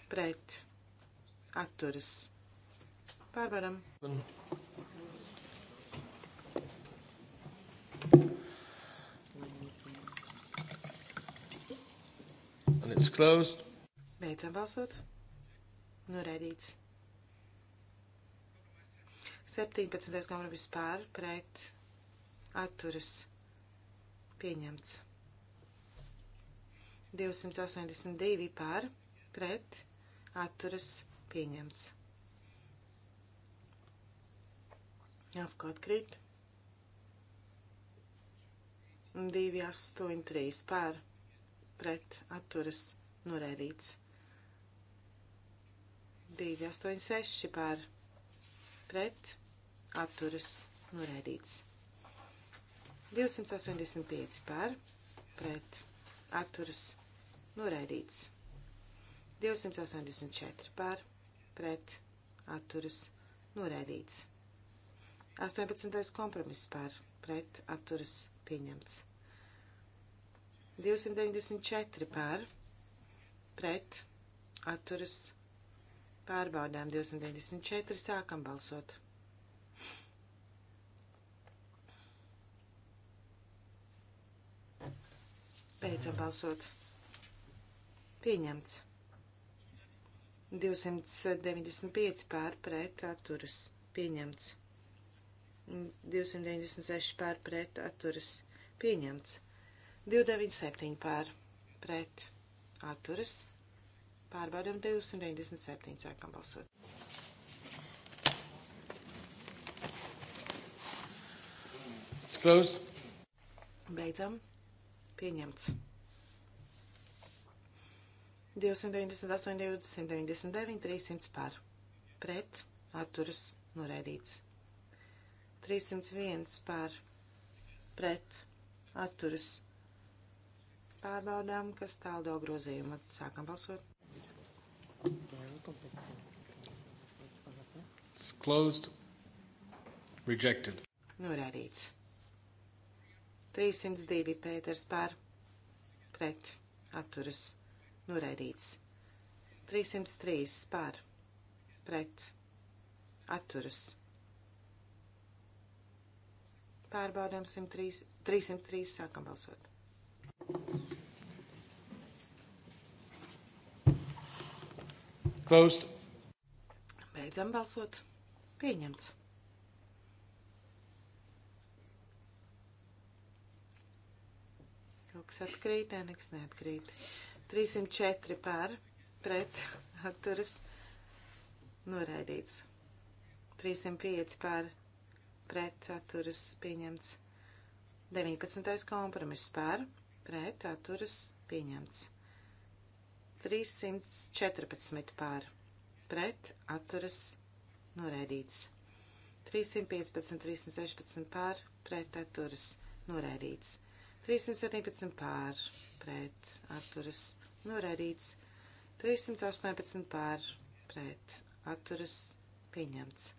pret atturas. Pārvaram. And it's closed. Beidzam balsot. Noraidīts. 17. kompromiss pār pret atturas. Pieņemts. 282 par pret atturas pieņemts. Apkārt krīt. 283 par pret atturas norēdīts. 286 par pret atturas norēdīts. 285 par pret atturas norēdīts. Noraidīts. 284 par pret atturas noraidīts. 18. kompromiss par pret atturas pieņemts. 294 par pret atturas pārbaudām 294 sākam balsot. Beidzam balsot. Pieņemts. 295 pār pret atturas. Pieņemts. 296 pār pret atturas. Pieņemts. 297 pār pret atturas. Pārbaudam 297. Sākam balsot. It's closed. Beidzam. Pieņemts. 298, 299, 300 par. Pret atturas noraidīts. 301 par. Pret atturas. Pārbaudām, kas tāldo grozījuma. Sākam balsot. It's closed. Rejected. Norādīts. 302 Pēters par. Pret atturas noraidīts. 303 par, pret, atturas. Pārbaudām 103, 303, sākam balsot. Closed. Beidzam balsot. Pieņemts. 1 atkrīt, nekas neatkrīt. 304 par pret atturas noraidīts. 305 par pret atturas pieņemts. 19. kompromiss par pret atturas pieņemts. 314 par pret atturas noraidīts. 315, 316 par pret atturas noraidīts. 317 pār pret atturas norādīts. 318 pār pret atturas pieņemts.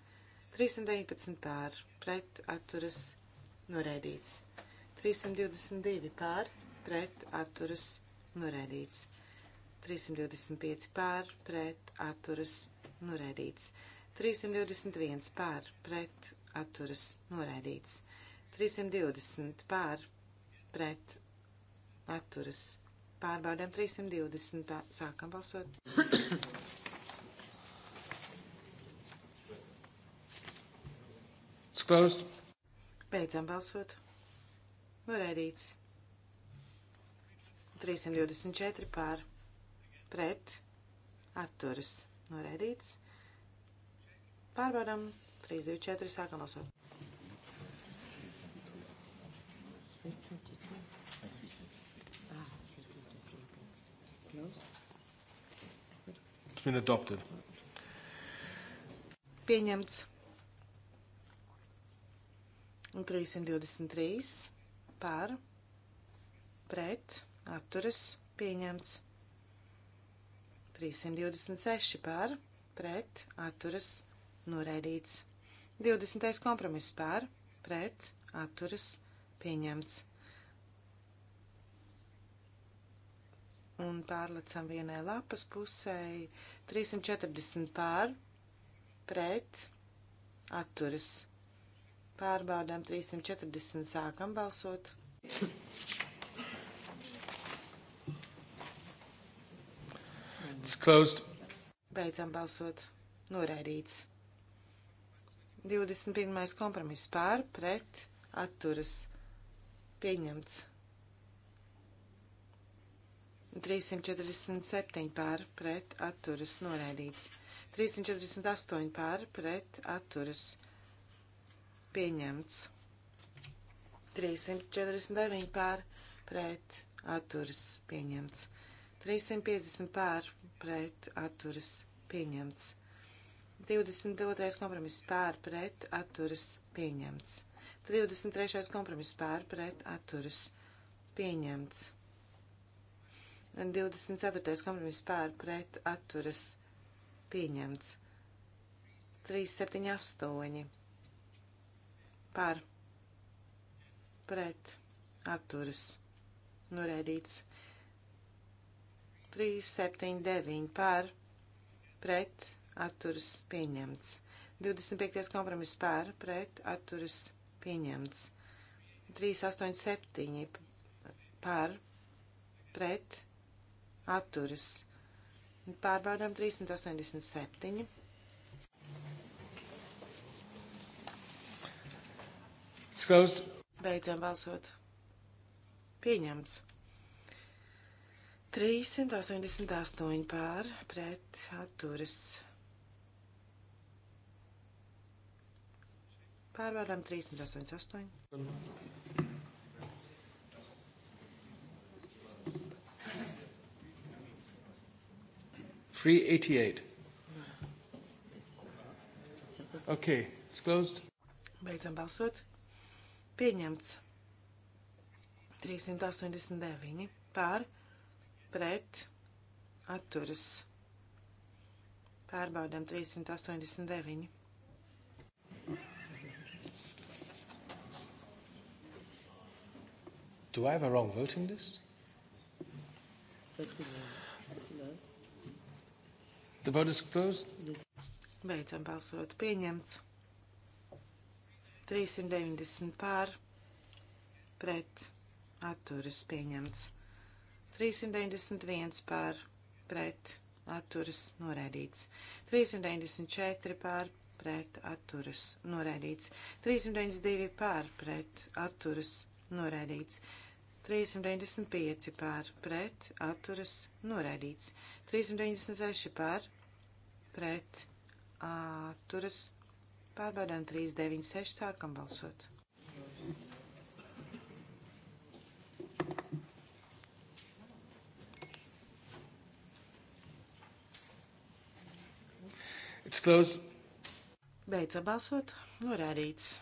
319 pār pret atturas norādīts. 322 pār pret atturas norādīts. 325 pār pret atturas norādīts. 321 pār pret atturas noraidīts, 320 pār pret atturas. Pārbaudām 320. Pār, sākam balsot. Sklaust. Beidzam balsot. Norēdīts. 324 pār pret atturas. Norēdīts. Pārbaudām 324. Sākam balsot. Thank you. It's been adopted. Pieņemts. Un 323 pār, pret, atturas, pieņemts. 326 pār, pret, atturas, noraidīts. 20. kompromiss pār, pret, atturas, pieņemts. un pārlecam vienai lapas pusē 340 pār, pret, atturas. Pārbaudām 340, sākam balsot. It's closed. Beidzam balsot. Noraidīts. 21. kompromiss pār, pret, atturas. Pieņemts. 347 pār pret atturas noraidīts. 348 pār pret atturas pieņemts. 349 pār pret atturas pieņemts. 350 pār pret atturas pieņemts. 22. kompromiss pār pret atturas pieņemts. 23. kompromiss pār pret atturas pieņemts. 24. kompromiss pār pret atturas pieņemts. 378 pār pret atturas noraidīts. 379 pār pret atturas pieņemts. 25. kompromiss pār pret atturas pieņemts. 387 pār pret atturas. Pārbaudām 387. Closed. Beidzam balsot. Pieņemts. 388 pār pret atturas. Pārvērām 388. 388. Okay, it's closed. Beidzam balsot. Pieņemts. 389 pār pret atturas. Pārbaudam 389. Do I have a wrong voting list? 39. The vote is closed. Beidzam balsot. Pieņemts. 390 pār. Pret. Atturas pieņemts. 391 pār. Pret. Atturas noraidīts. 394 pār. Pret. Atturas noraidīts. 392 pār. Pret. Atturas noraidīts. 395 pār pret atturas noraidīts. 396 pār pret atturas pārbaudām 396 sākam balsot. It's closed. Beidzot balsot, norādīts.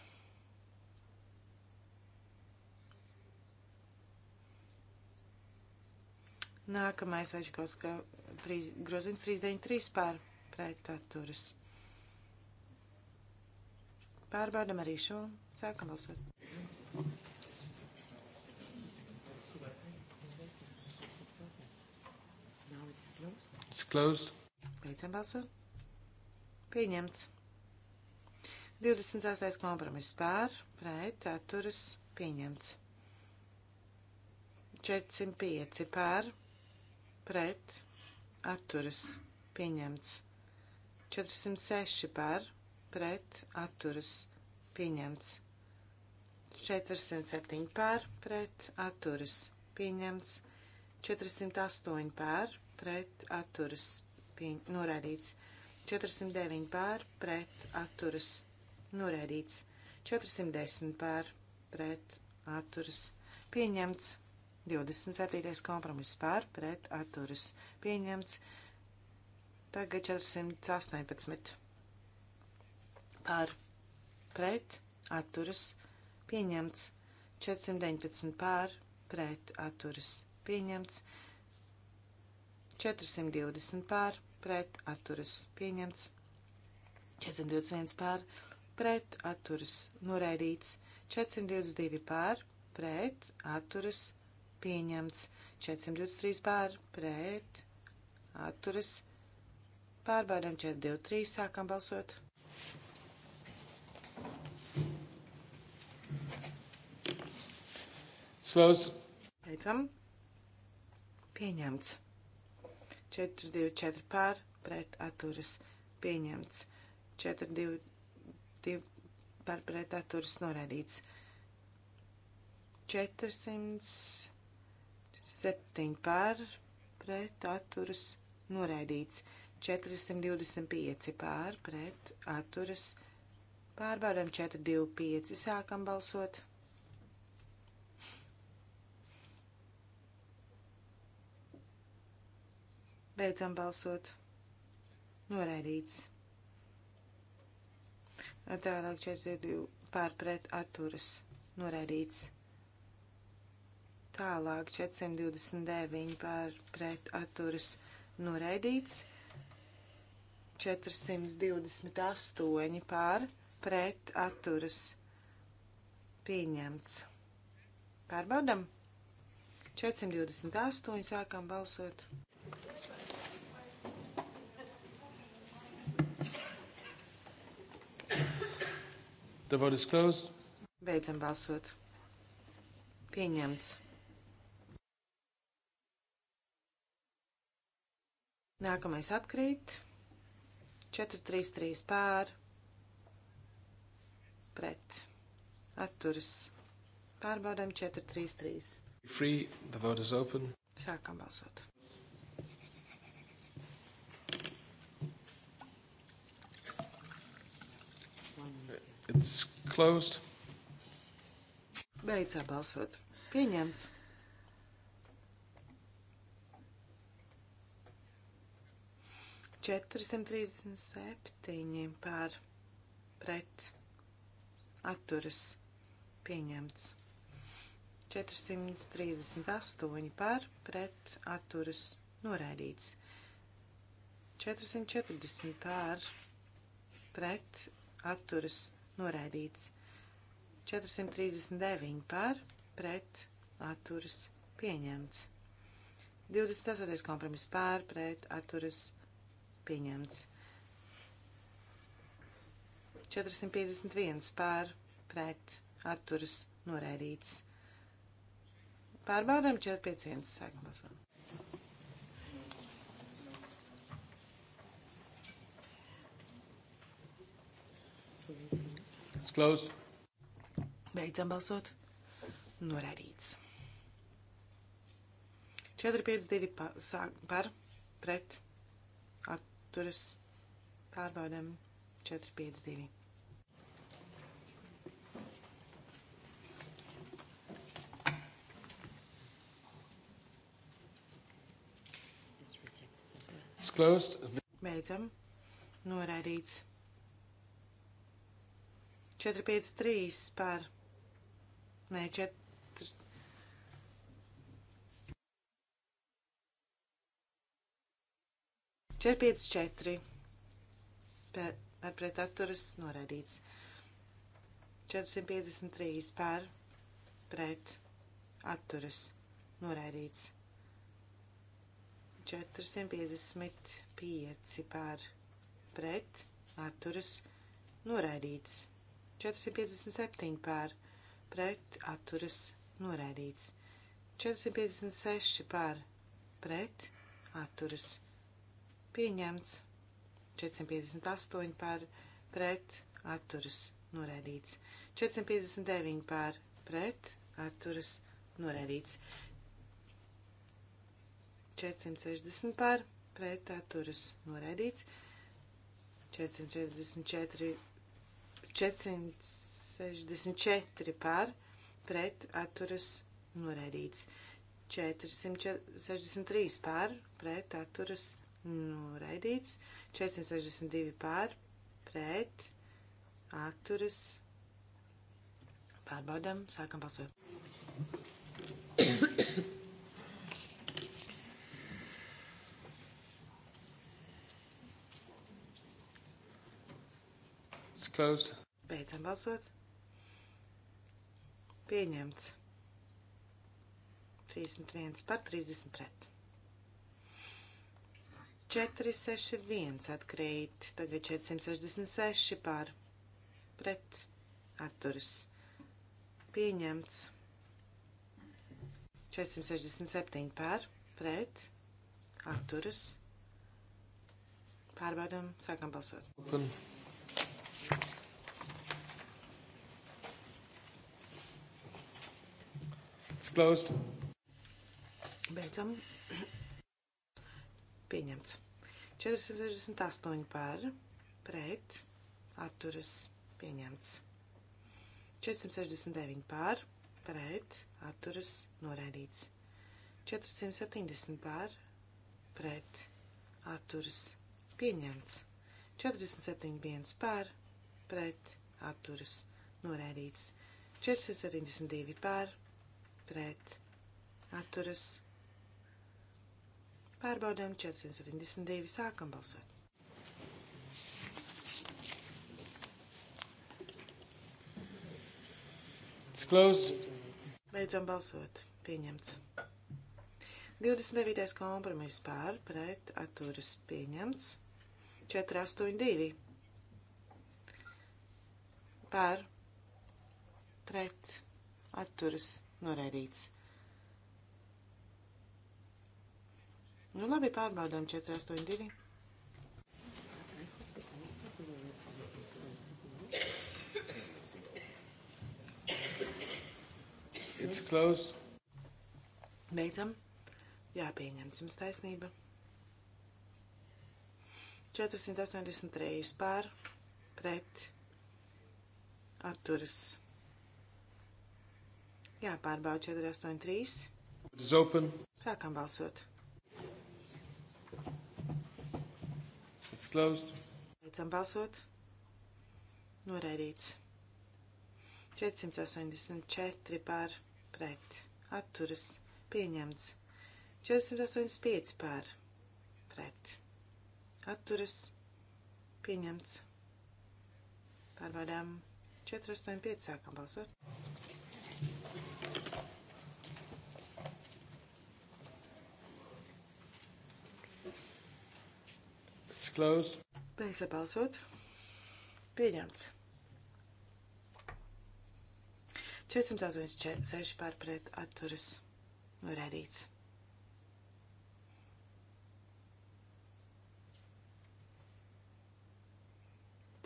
Nākamais Vežkovska grozījums 393 pār pret atturas. Pārbaudam arī šo. Sākam balsot. It's closed. Beidzam balsot. Pieņemts. 26. kompromiss pār, pret, atturas, pieņemts. 405 pār, pret atturas pieņemts. 406 par pret atturas pieņemts. 407 par pret atturas pieņemts. 408 par pret atturas pieņ... noraidīts. 409 pār pret atturas norēdīts, 410 pār pret atturas pieņemts, 27. kompromiss par pret atturas pieņemts. Tagad 418 par pret atturas pieņemts. 419 par pret atturas pieņemts. 420 par pret atturas pieņemts. 421 par pret atturas noraidīts. 422 par pret atturas pieņemts pieņemts 423 pār pret atturas pārbaudām 423 sākam balsot. Slows. Beidzam. Pieņemts. 424 pār pret atturas pieņemts. 422 pār pret atturas norādīts. 400 7 par, pret atturas noraidīts. 425 pār, pret atturas. Pārbaudam 425, sākam balsot. Beidzam balsot. Noraidīts. Tālāk 42 pār, pret atturas. Noraidīts. Tālāk 429 pār pret atturas noraidīts. 428 pār pret atturas pieņemts. Pārbaudam. 428 sākam balsot. The vote is closed. Beidzam balsot. Pieņemts. Nākamais atkrīt. 433 pār. Pret. Atturas. Pārbaudām 433. Free, the vote is open. Sākam balsot. It's closed. Beidzā balsot. Pieņemts. 437 pār pret atturas pieņemts. 438 pār pret atturas noraidīts. 440 pār pret atturas noraidīts. 439 pār pret atturas pieņemts. 28. kompromiss pār pret atturas pieņemts pieņemts. 451 pār pret atturas noraidīts. Pārbaudām 451. Sākam balsot. It's closed. Beidzam balsot. Noraidīts. 452 par pret atturas pārbaudam 452. Beidzam. Noraidīts. 453 par. Nē, 4. 454 par, par pret atturas noraidīts. 453 par pret atturas noraidīts. 455 par pret atturas noraidīts. 457 par pret atturas noraidīts. 456 par pret atturas noraidīts pieņemts 458 par pret atturas norēdīts, 459 par pret atturas norēdīts, 460 par pret atturas norēdīts, 464, 464 par pret atturas norēdīts, 463 par pret atturas norēdīts noraidīts, 462 pār, pret, atturas, pārbaudam, sākam balsot. Closed. Beidzam balsot. Pieņemts. 31 par 30 pret. 461 atkrīt, tagad 466 par pret atturas pieņemts. 467 par pret atturas pārbaudam, sākam balsot. Open. It's closed. Beidzam. Pieņemts. 468 par, pret, atturas, pieņemts. 469 par, pret, atturas, noraidīts. 470 par, pret, atturas, pieņemts. 471 par, pret, atturas, noraidīts. 472 par, pret, atturas, pieņemts. Pārbaudām 472. Sākam balsot. It's closed. Beidzam balsot. Pieņemts. 29. kompromiss pār pret atturas pieņemts. 482. Pār pret atturas noraidīts. Nu, labi, pārbaudām 482. It's closed. Beidzam. Jā, pieņemts jums taisnība. 483 pār, pret, atturas. Jā, pārbauda 483. Sākam balsot. It's closed. Beidzam balsot. Noraidīts. 484 pār pret. Atturas. Pieņemts. 485 pār pret. Atturas. Pieņemts. Pārbaudām. 485 sākam balsot. closed. Beidzot balsots. Pieņemts. 486 pārpret atturas norēdīts.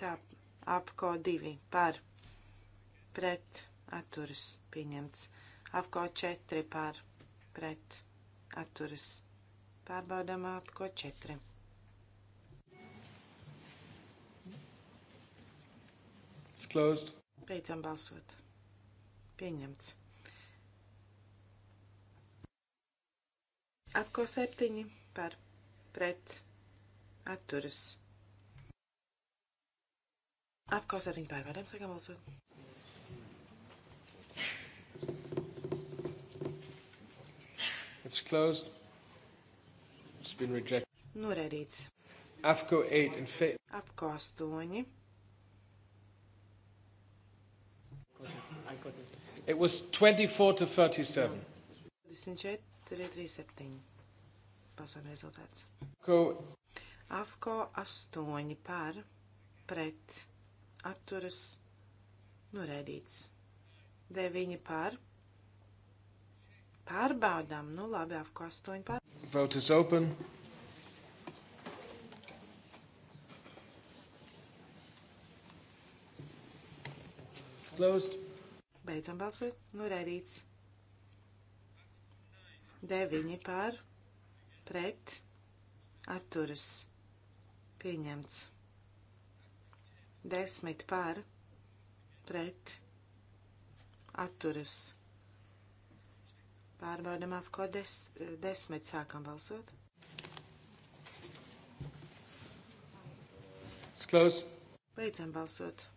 Tā, apko 2 par pret atturas pieņemts. Apko 4 par pret atturas. Pārbaudām apko 4. Closed. Beidzam balsot. Pieņemts. Afko septiņi par pret atturas. Afko septiņi par varam sākam balsot. It's closed. It's been rejected. Noraidīts. AFCO 8 and fit. AFCO 8 It was 24 to 37. 24, 37. Pasvaru rezultāts. Ko? Afko 8 par, pret, atturas, norēdīts. 9 par. Pārbaudām, nu labi, Afko 8 par. Vote is open. It's closed. Beidzam balsot. Noraidīts. 9 par, pret, atturas. Pieņemts. 10 par, pret, atturas. Pārbaudam apko des, desmit. Sākam balsot. It's closed. Beidzam balsot.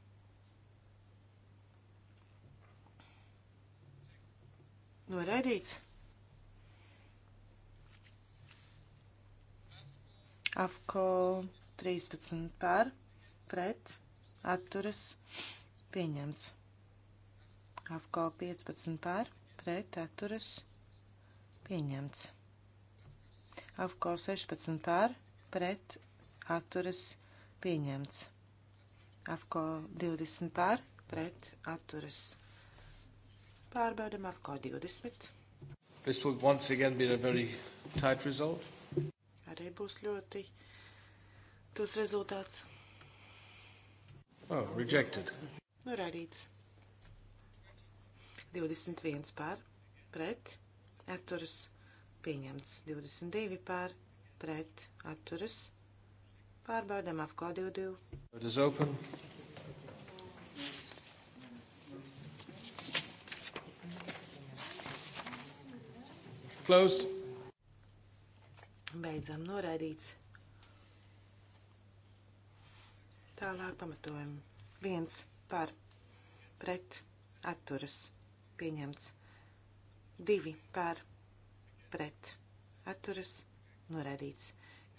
Noraidīts. Afko 13 par, pret, atturas, pieņemts. Afko 15 par, pret, atturas, pieņemts. Afko 16 par, pret, atturas, pieņemts. Afko 20 par, pret, atturas, pieņemts. Pārbaudam AFCO 20. This will once again be a very tight result. Arī būs ļoti tos rezultāts. Oh, rejected. Norādīts. 21 pār, pret, atturas, pieņemts. 22 pār, pret, atturas. Pārbaudam AFCO 22. It is open. Closed. Beidzam noraidīts. Tālāk pamatojumi. Viens par pret atturas pieņemts. Divi par pret atturas noraidīts.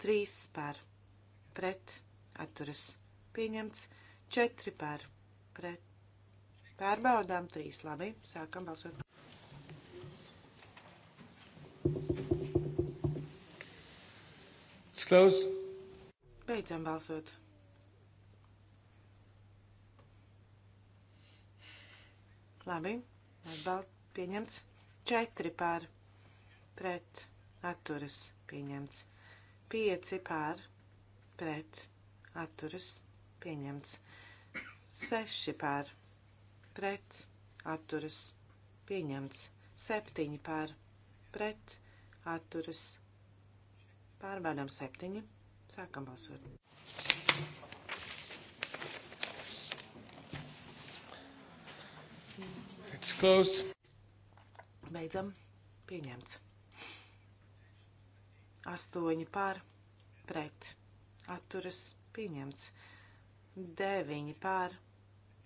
Trīs par pret atturas pieņemts. Četri par pret. Pārbaudām trīs. Labi, sākam balsot. closed. Beidzam balsot. Labi, atbalsts pieņemts. 4 pār pret atturas pieņemts. 5 pār pret atturas pieņemts. 6 pār pret atturas pieņemts. 7 pār pret atturas pieņemts Pārbaudām septiņi. Sākam balsot. It's closed. Beidzam. Pieņemts. Astoņi pār. Pret. Atturas. Pieņemts. Deviņi pār.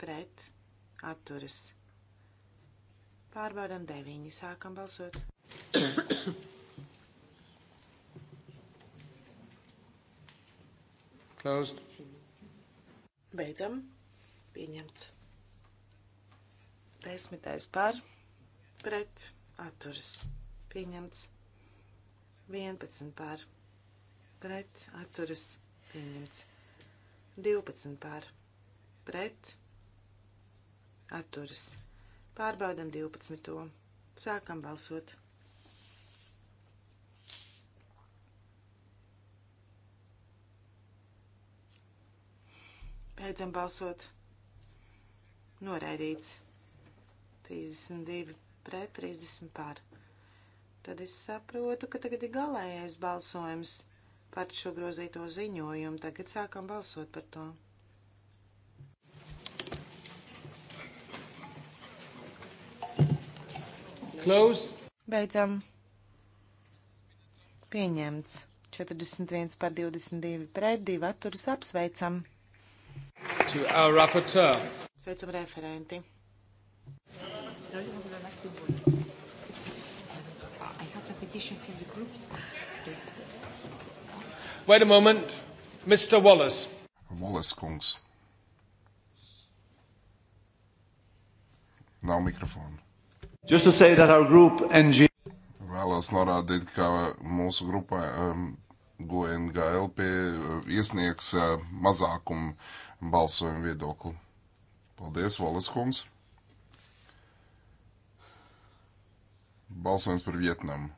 Pret. Atturas. Pārbaudām deviņi. Sākam balsot. Closed. Beidzam. Pieņemts. Desmitais par. Pret. Atturas. Pieņemts. Vienpadsmit par. Pret. Atturas. Pieņemts. Divpadsmit par. Pret. Atturas. Pārbaudam 12. Sākam balsot. Beidzam balsot. Noraidīts. 32 pret 30 pār. Tad es saprotu, ka tagad ir galējais balsojums par šo grozīto ziņojumu. Tagad sākam balsot par to. Closed. Beidzam. Pieņemts. 41 par 22 pret 2 atturas apsveicam. Sveicam referenti. Wait a moment, Mr. Wallace. Wallace kungs. Nav mikrofona. Just to say that our group NG... Vēlos norādīt, ka mūsu grupā um, GNGL pie, uh, iesniegs uh, mazākumu uh, balsojumu viedokli. Paldies, Valeskums! Balsojums par Vietnamu.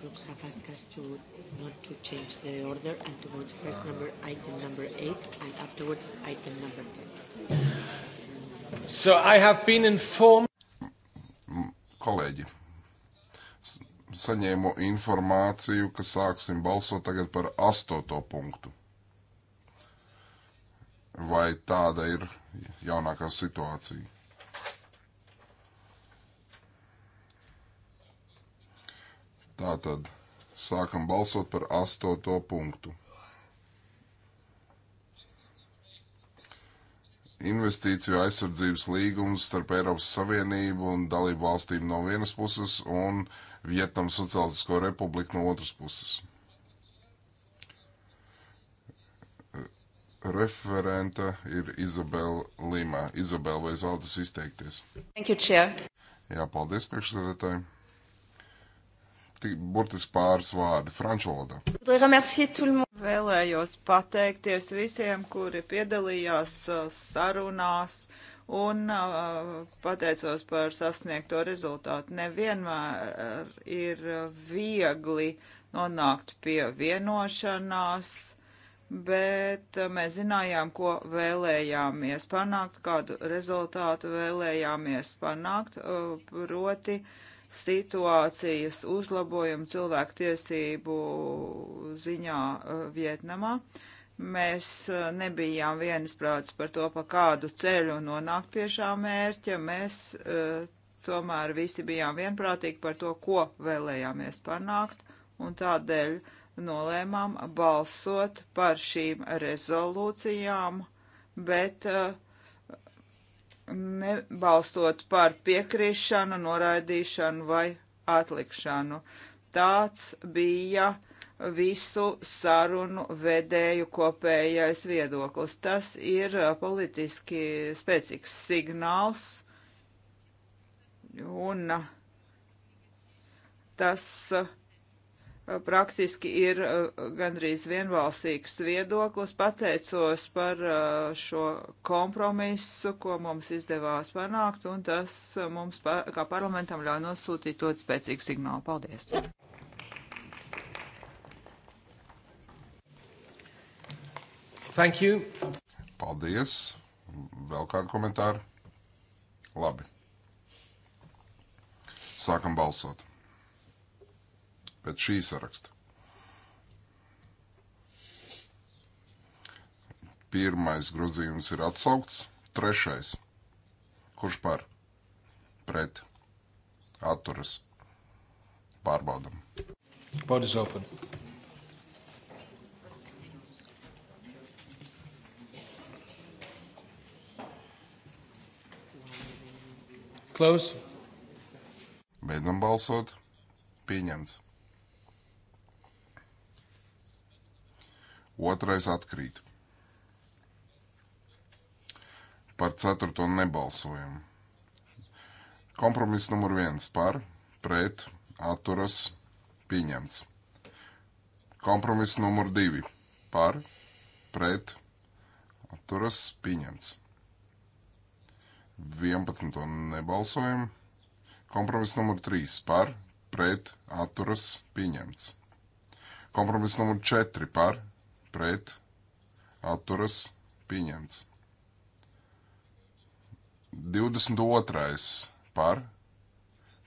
groups have asked us to not to change the order and to vote first number item number eight and afterwards item number ten. So I have been informed. Kolēģi, saņēmu informāciju, ka sāksim balsot tagad par astoto punktu vai tāda ir jaunākā situācija. Tātad sākam balsot par astoto punktu. investīciju aizsardzības līgums starp Eiropas Savienību un dalību valstīm no vienas puses un Vietnam Socialistisko republiku no otras puses. Referente ir Izabela Limā. Izabela, vai es vēlaties izteikties? Thank you, Chair. Jā, paldies priekšsēdētāji. Burtiski pāris vārdi franču valodā. Vēlējos pateikties visiem, kuri piedalījās uh, sarunās un uh, pateicos par sasniegto rezultātu. Nevienmēr ir viegli nonākt pie vienošanās, bet eh, mēs zinājām, ko vēlējāmies panākt, kādu rezultātu vēlējāmies panākt, eh, proti situācijas uzlabojumu cilvēku tiesību ziņā eh, Vietnamā. Mēs nebijām vienisprāts par to, pa kādu ceļu nonākt pie šā mērķa. Mēs tomēr visi bijām vienprātīgi par to, ko vēlējāmies panākt, un tādēļ uh, nolēmām balsot par šīm rezolūcijām, bet eh, nebalstot par piekrišanu, noraidīšanu vai atlikšanu. Tāds bija visu sarunu vedēju kopējais viedoklis. Tas ir eh, politiski spēcīgs signāls un eh, tas uh, Eh, praktiski ir eh, gandrīz vienbalsīgs viedoklis. Pateicos par eh, šo kompromisu, ko mums izdevās panākt, un tas mums kā parlamentam ļauj nosūtīt ļoti spēcīgu signālu. Paldies! Thank you. Paldies! Vēl kādu komentāru? Labi. Sākam balsot pēc šī saraksta. Pirmais grozījums ir atsaukts, trešais. Kurš par? Pret. Atturas. Pārbaudam. Vote is open. Close. Beidzam balsot. Pieņemts. Otrais atkrīt. Par ceturto nebalsojam. Kompromiss numur viens par, pret, atturas, pieņemts. Kompromiss numur divi par, pret, atturas, pieņemts. 11. nebalsojam. Kompromiss numur 3 par, pret, atturas, pieņemts. Kompromiss numur 4 par, pret, atturas, pieņemts. 22. par,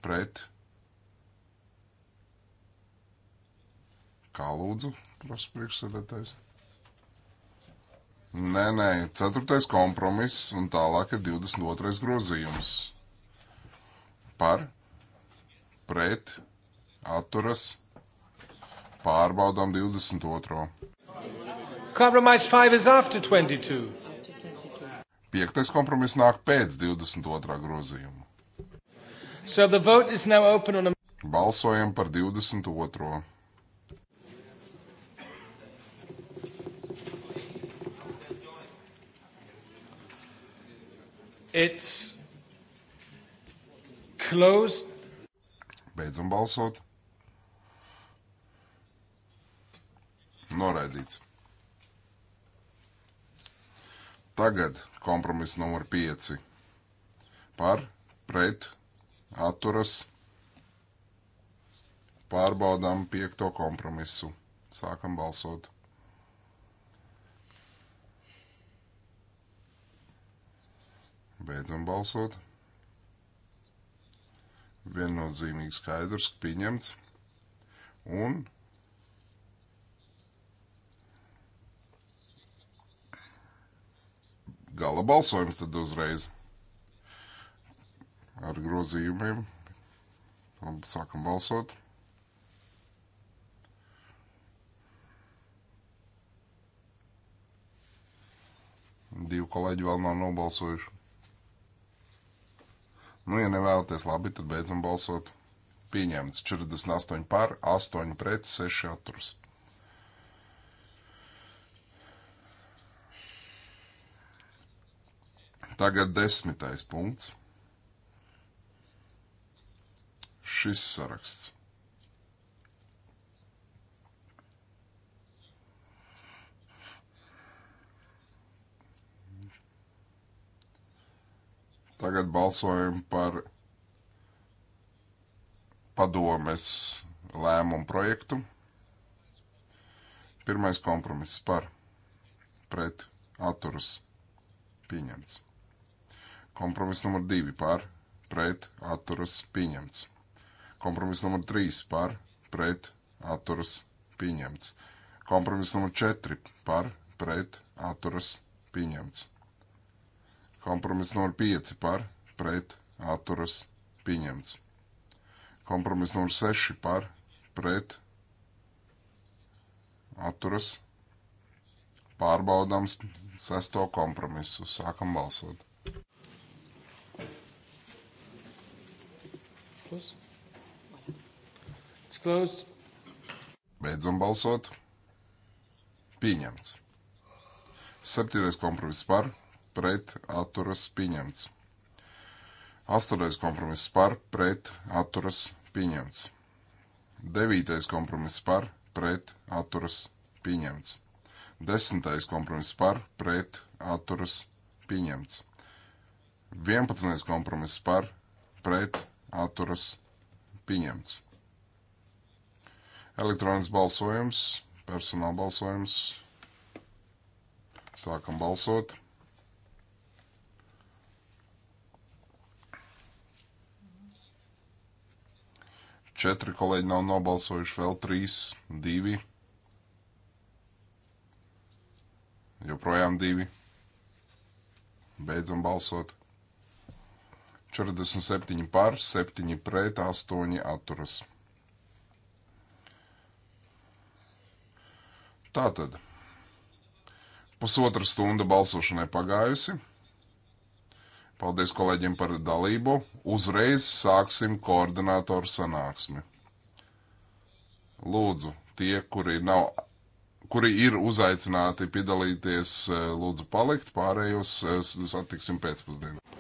pret, kā lūdzu, prasa priekšsēdētājs. Nē, nē, 4. kompromiss un tālāk ir 22. grozījums. Par, pret, atturas, pārbaudām 22. Compromise 5 is after 22. Piektais kompromiss nāk pēc 22. grozījuma. So the vote is now open on a... Balsojam par 22. It's closed. Beidzam balsot. Noraidīts. Tagad kompromiss numur 5 par pret atturas pārbaudām piekto kompromisu. Sākam balsot. Beidzam balsot. Viennozīmīgi skaidrs, pieņemts. Un Gala balsojums tad uzreiz ar grozījumiem. Labi, sākam balsot. Divi kolēģi vēl nav nobalsojuši. Nu, ja nevēlaties labi, tad beidzam balsot. Pieņemts 48 par, 8 pret, 6 atturas. Tagad desmitais punkts. Šis saraksts. Tagad balsojam par padomes lēmumu projektu. Pirmais kompromiss par pret atturas pieņemts. Kompromiss numur 2 par, pret, atturas, pieņemts. Kompromiss numur 3 par, pret, atturas, pieņemts. Kompromiss numur 4 par, pret, atturas, pieņemts. Kompromiss numur 5 par, pret, atturas, pieņemts. Kompromiss numur 6 par, pret, atturas, pārbaudams sesto kompromisu. Sākam balsot. Close. It's closed. Beidzam balsot. Pieņemts. Septītais kompromiss par, pret, atturas, pieņemts. Astotais kompromiss par, pret, atturas, pieņemts. Devītais kompromiss par, pret, atturas, pieņemts. Desmitais kompromiss par, pret, atturas, pieņemts. Vienpadsmitais kompromiss par, pret, atturas pieņemts. Elektronisks balsojums, personāla balsojums. Sākam balsot. Četri kolēģi nav nobalsojuši, vēl trīs, divi. Joprojām divi. Beidzam balsot. 47 par, 7 pret, 8 atturas. Tātad, pusotra stunda balsošanai pagājusi. Paldies kolēģiem par dalību. Uzreiz sāksim koordinātoru sanāksmi. Lūdzu, tie, kuri, nav, kuri ir uzaicināti piedalīties, eh, lūdzu palikt, pārējos eh, satiksim pēcpusdienā.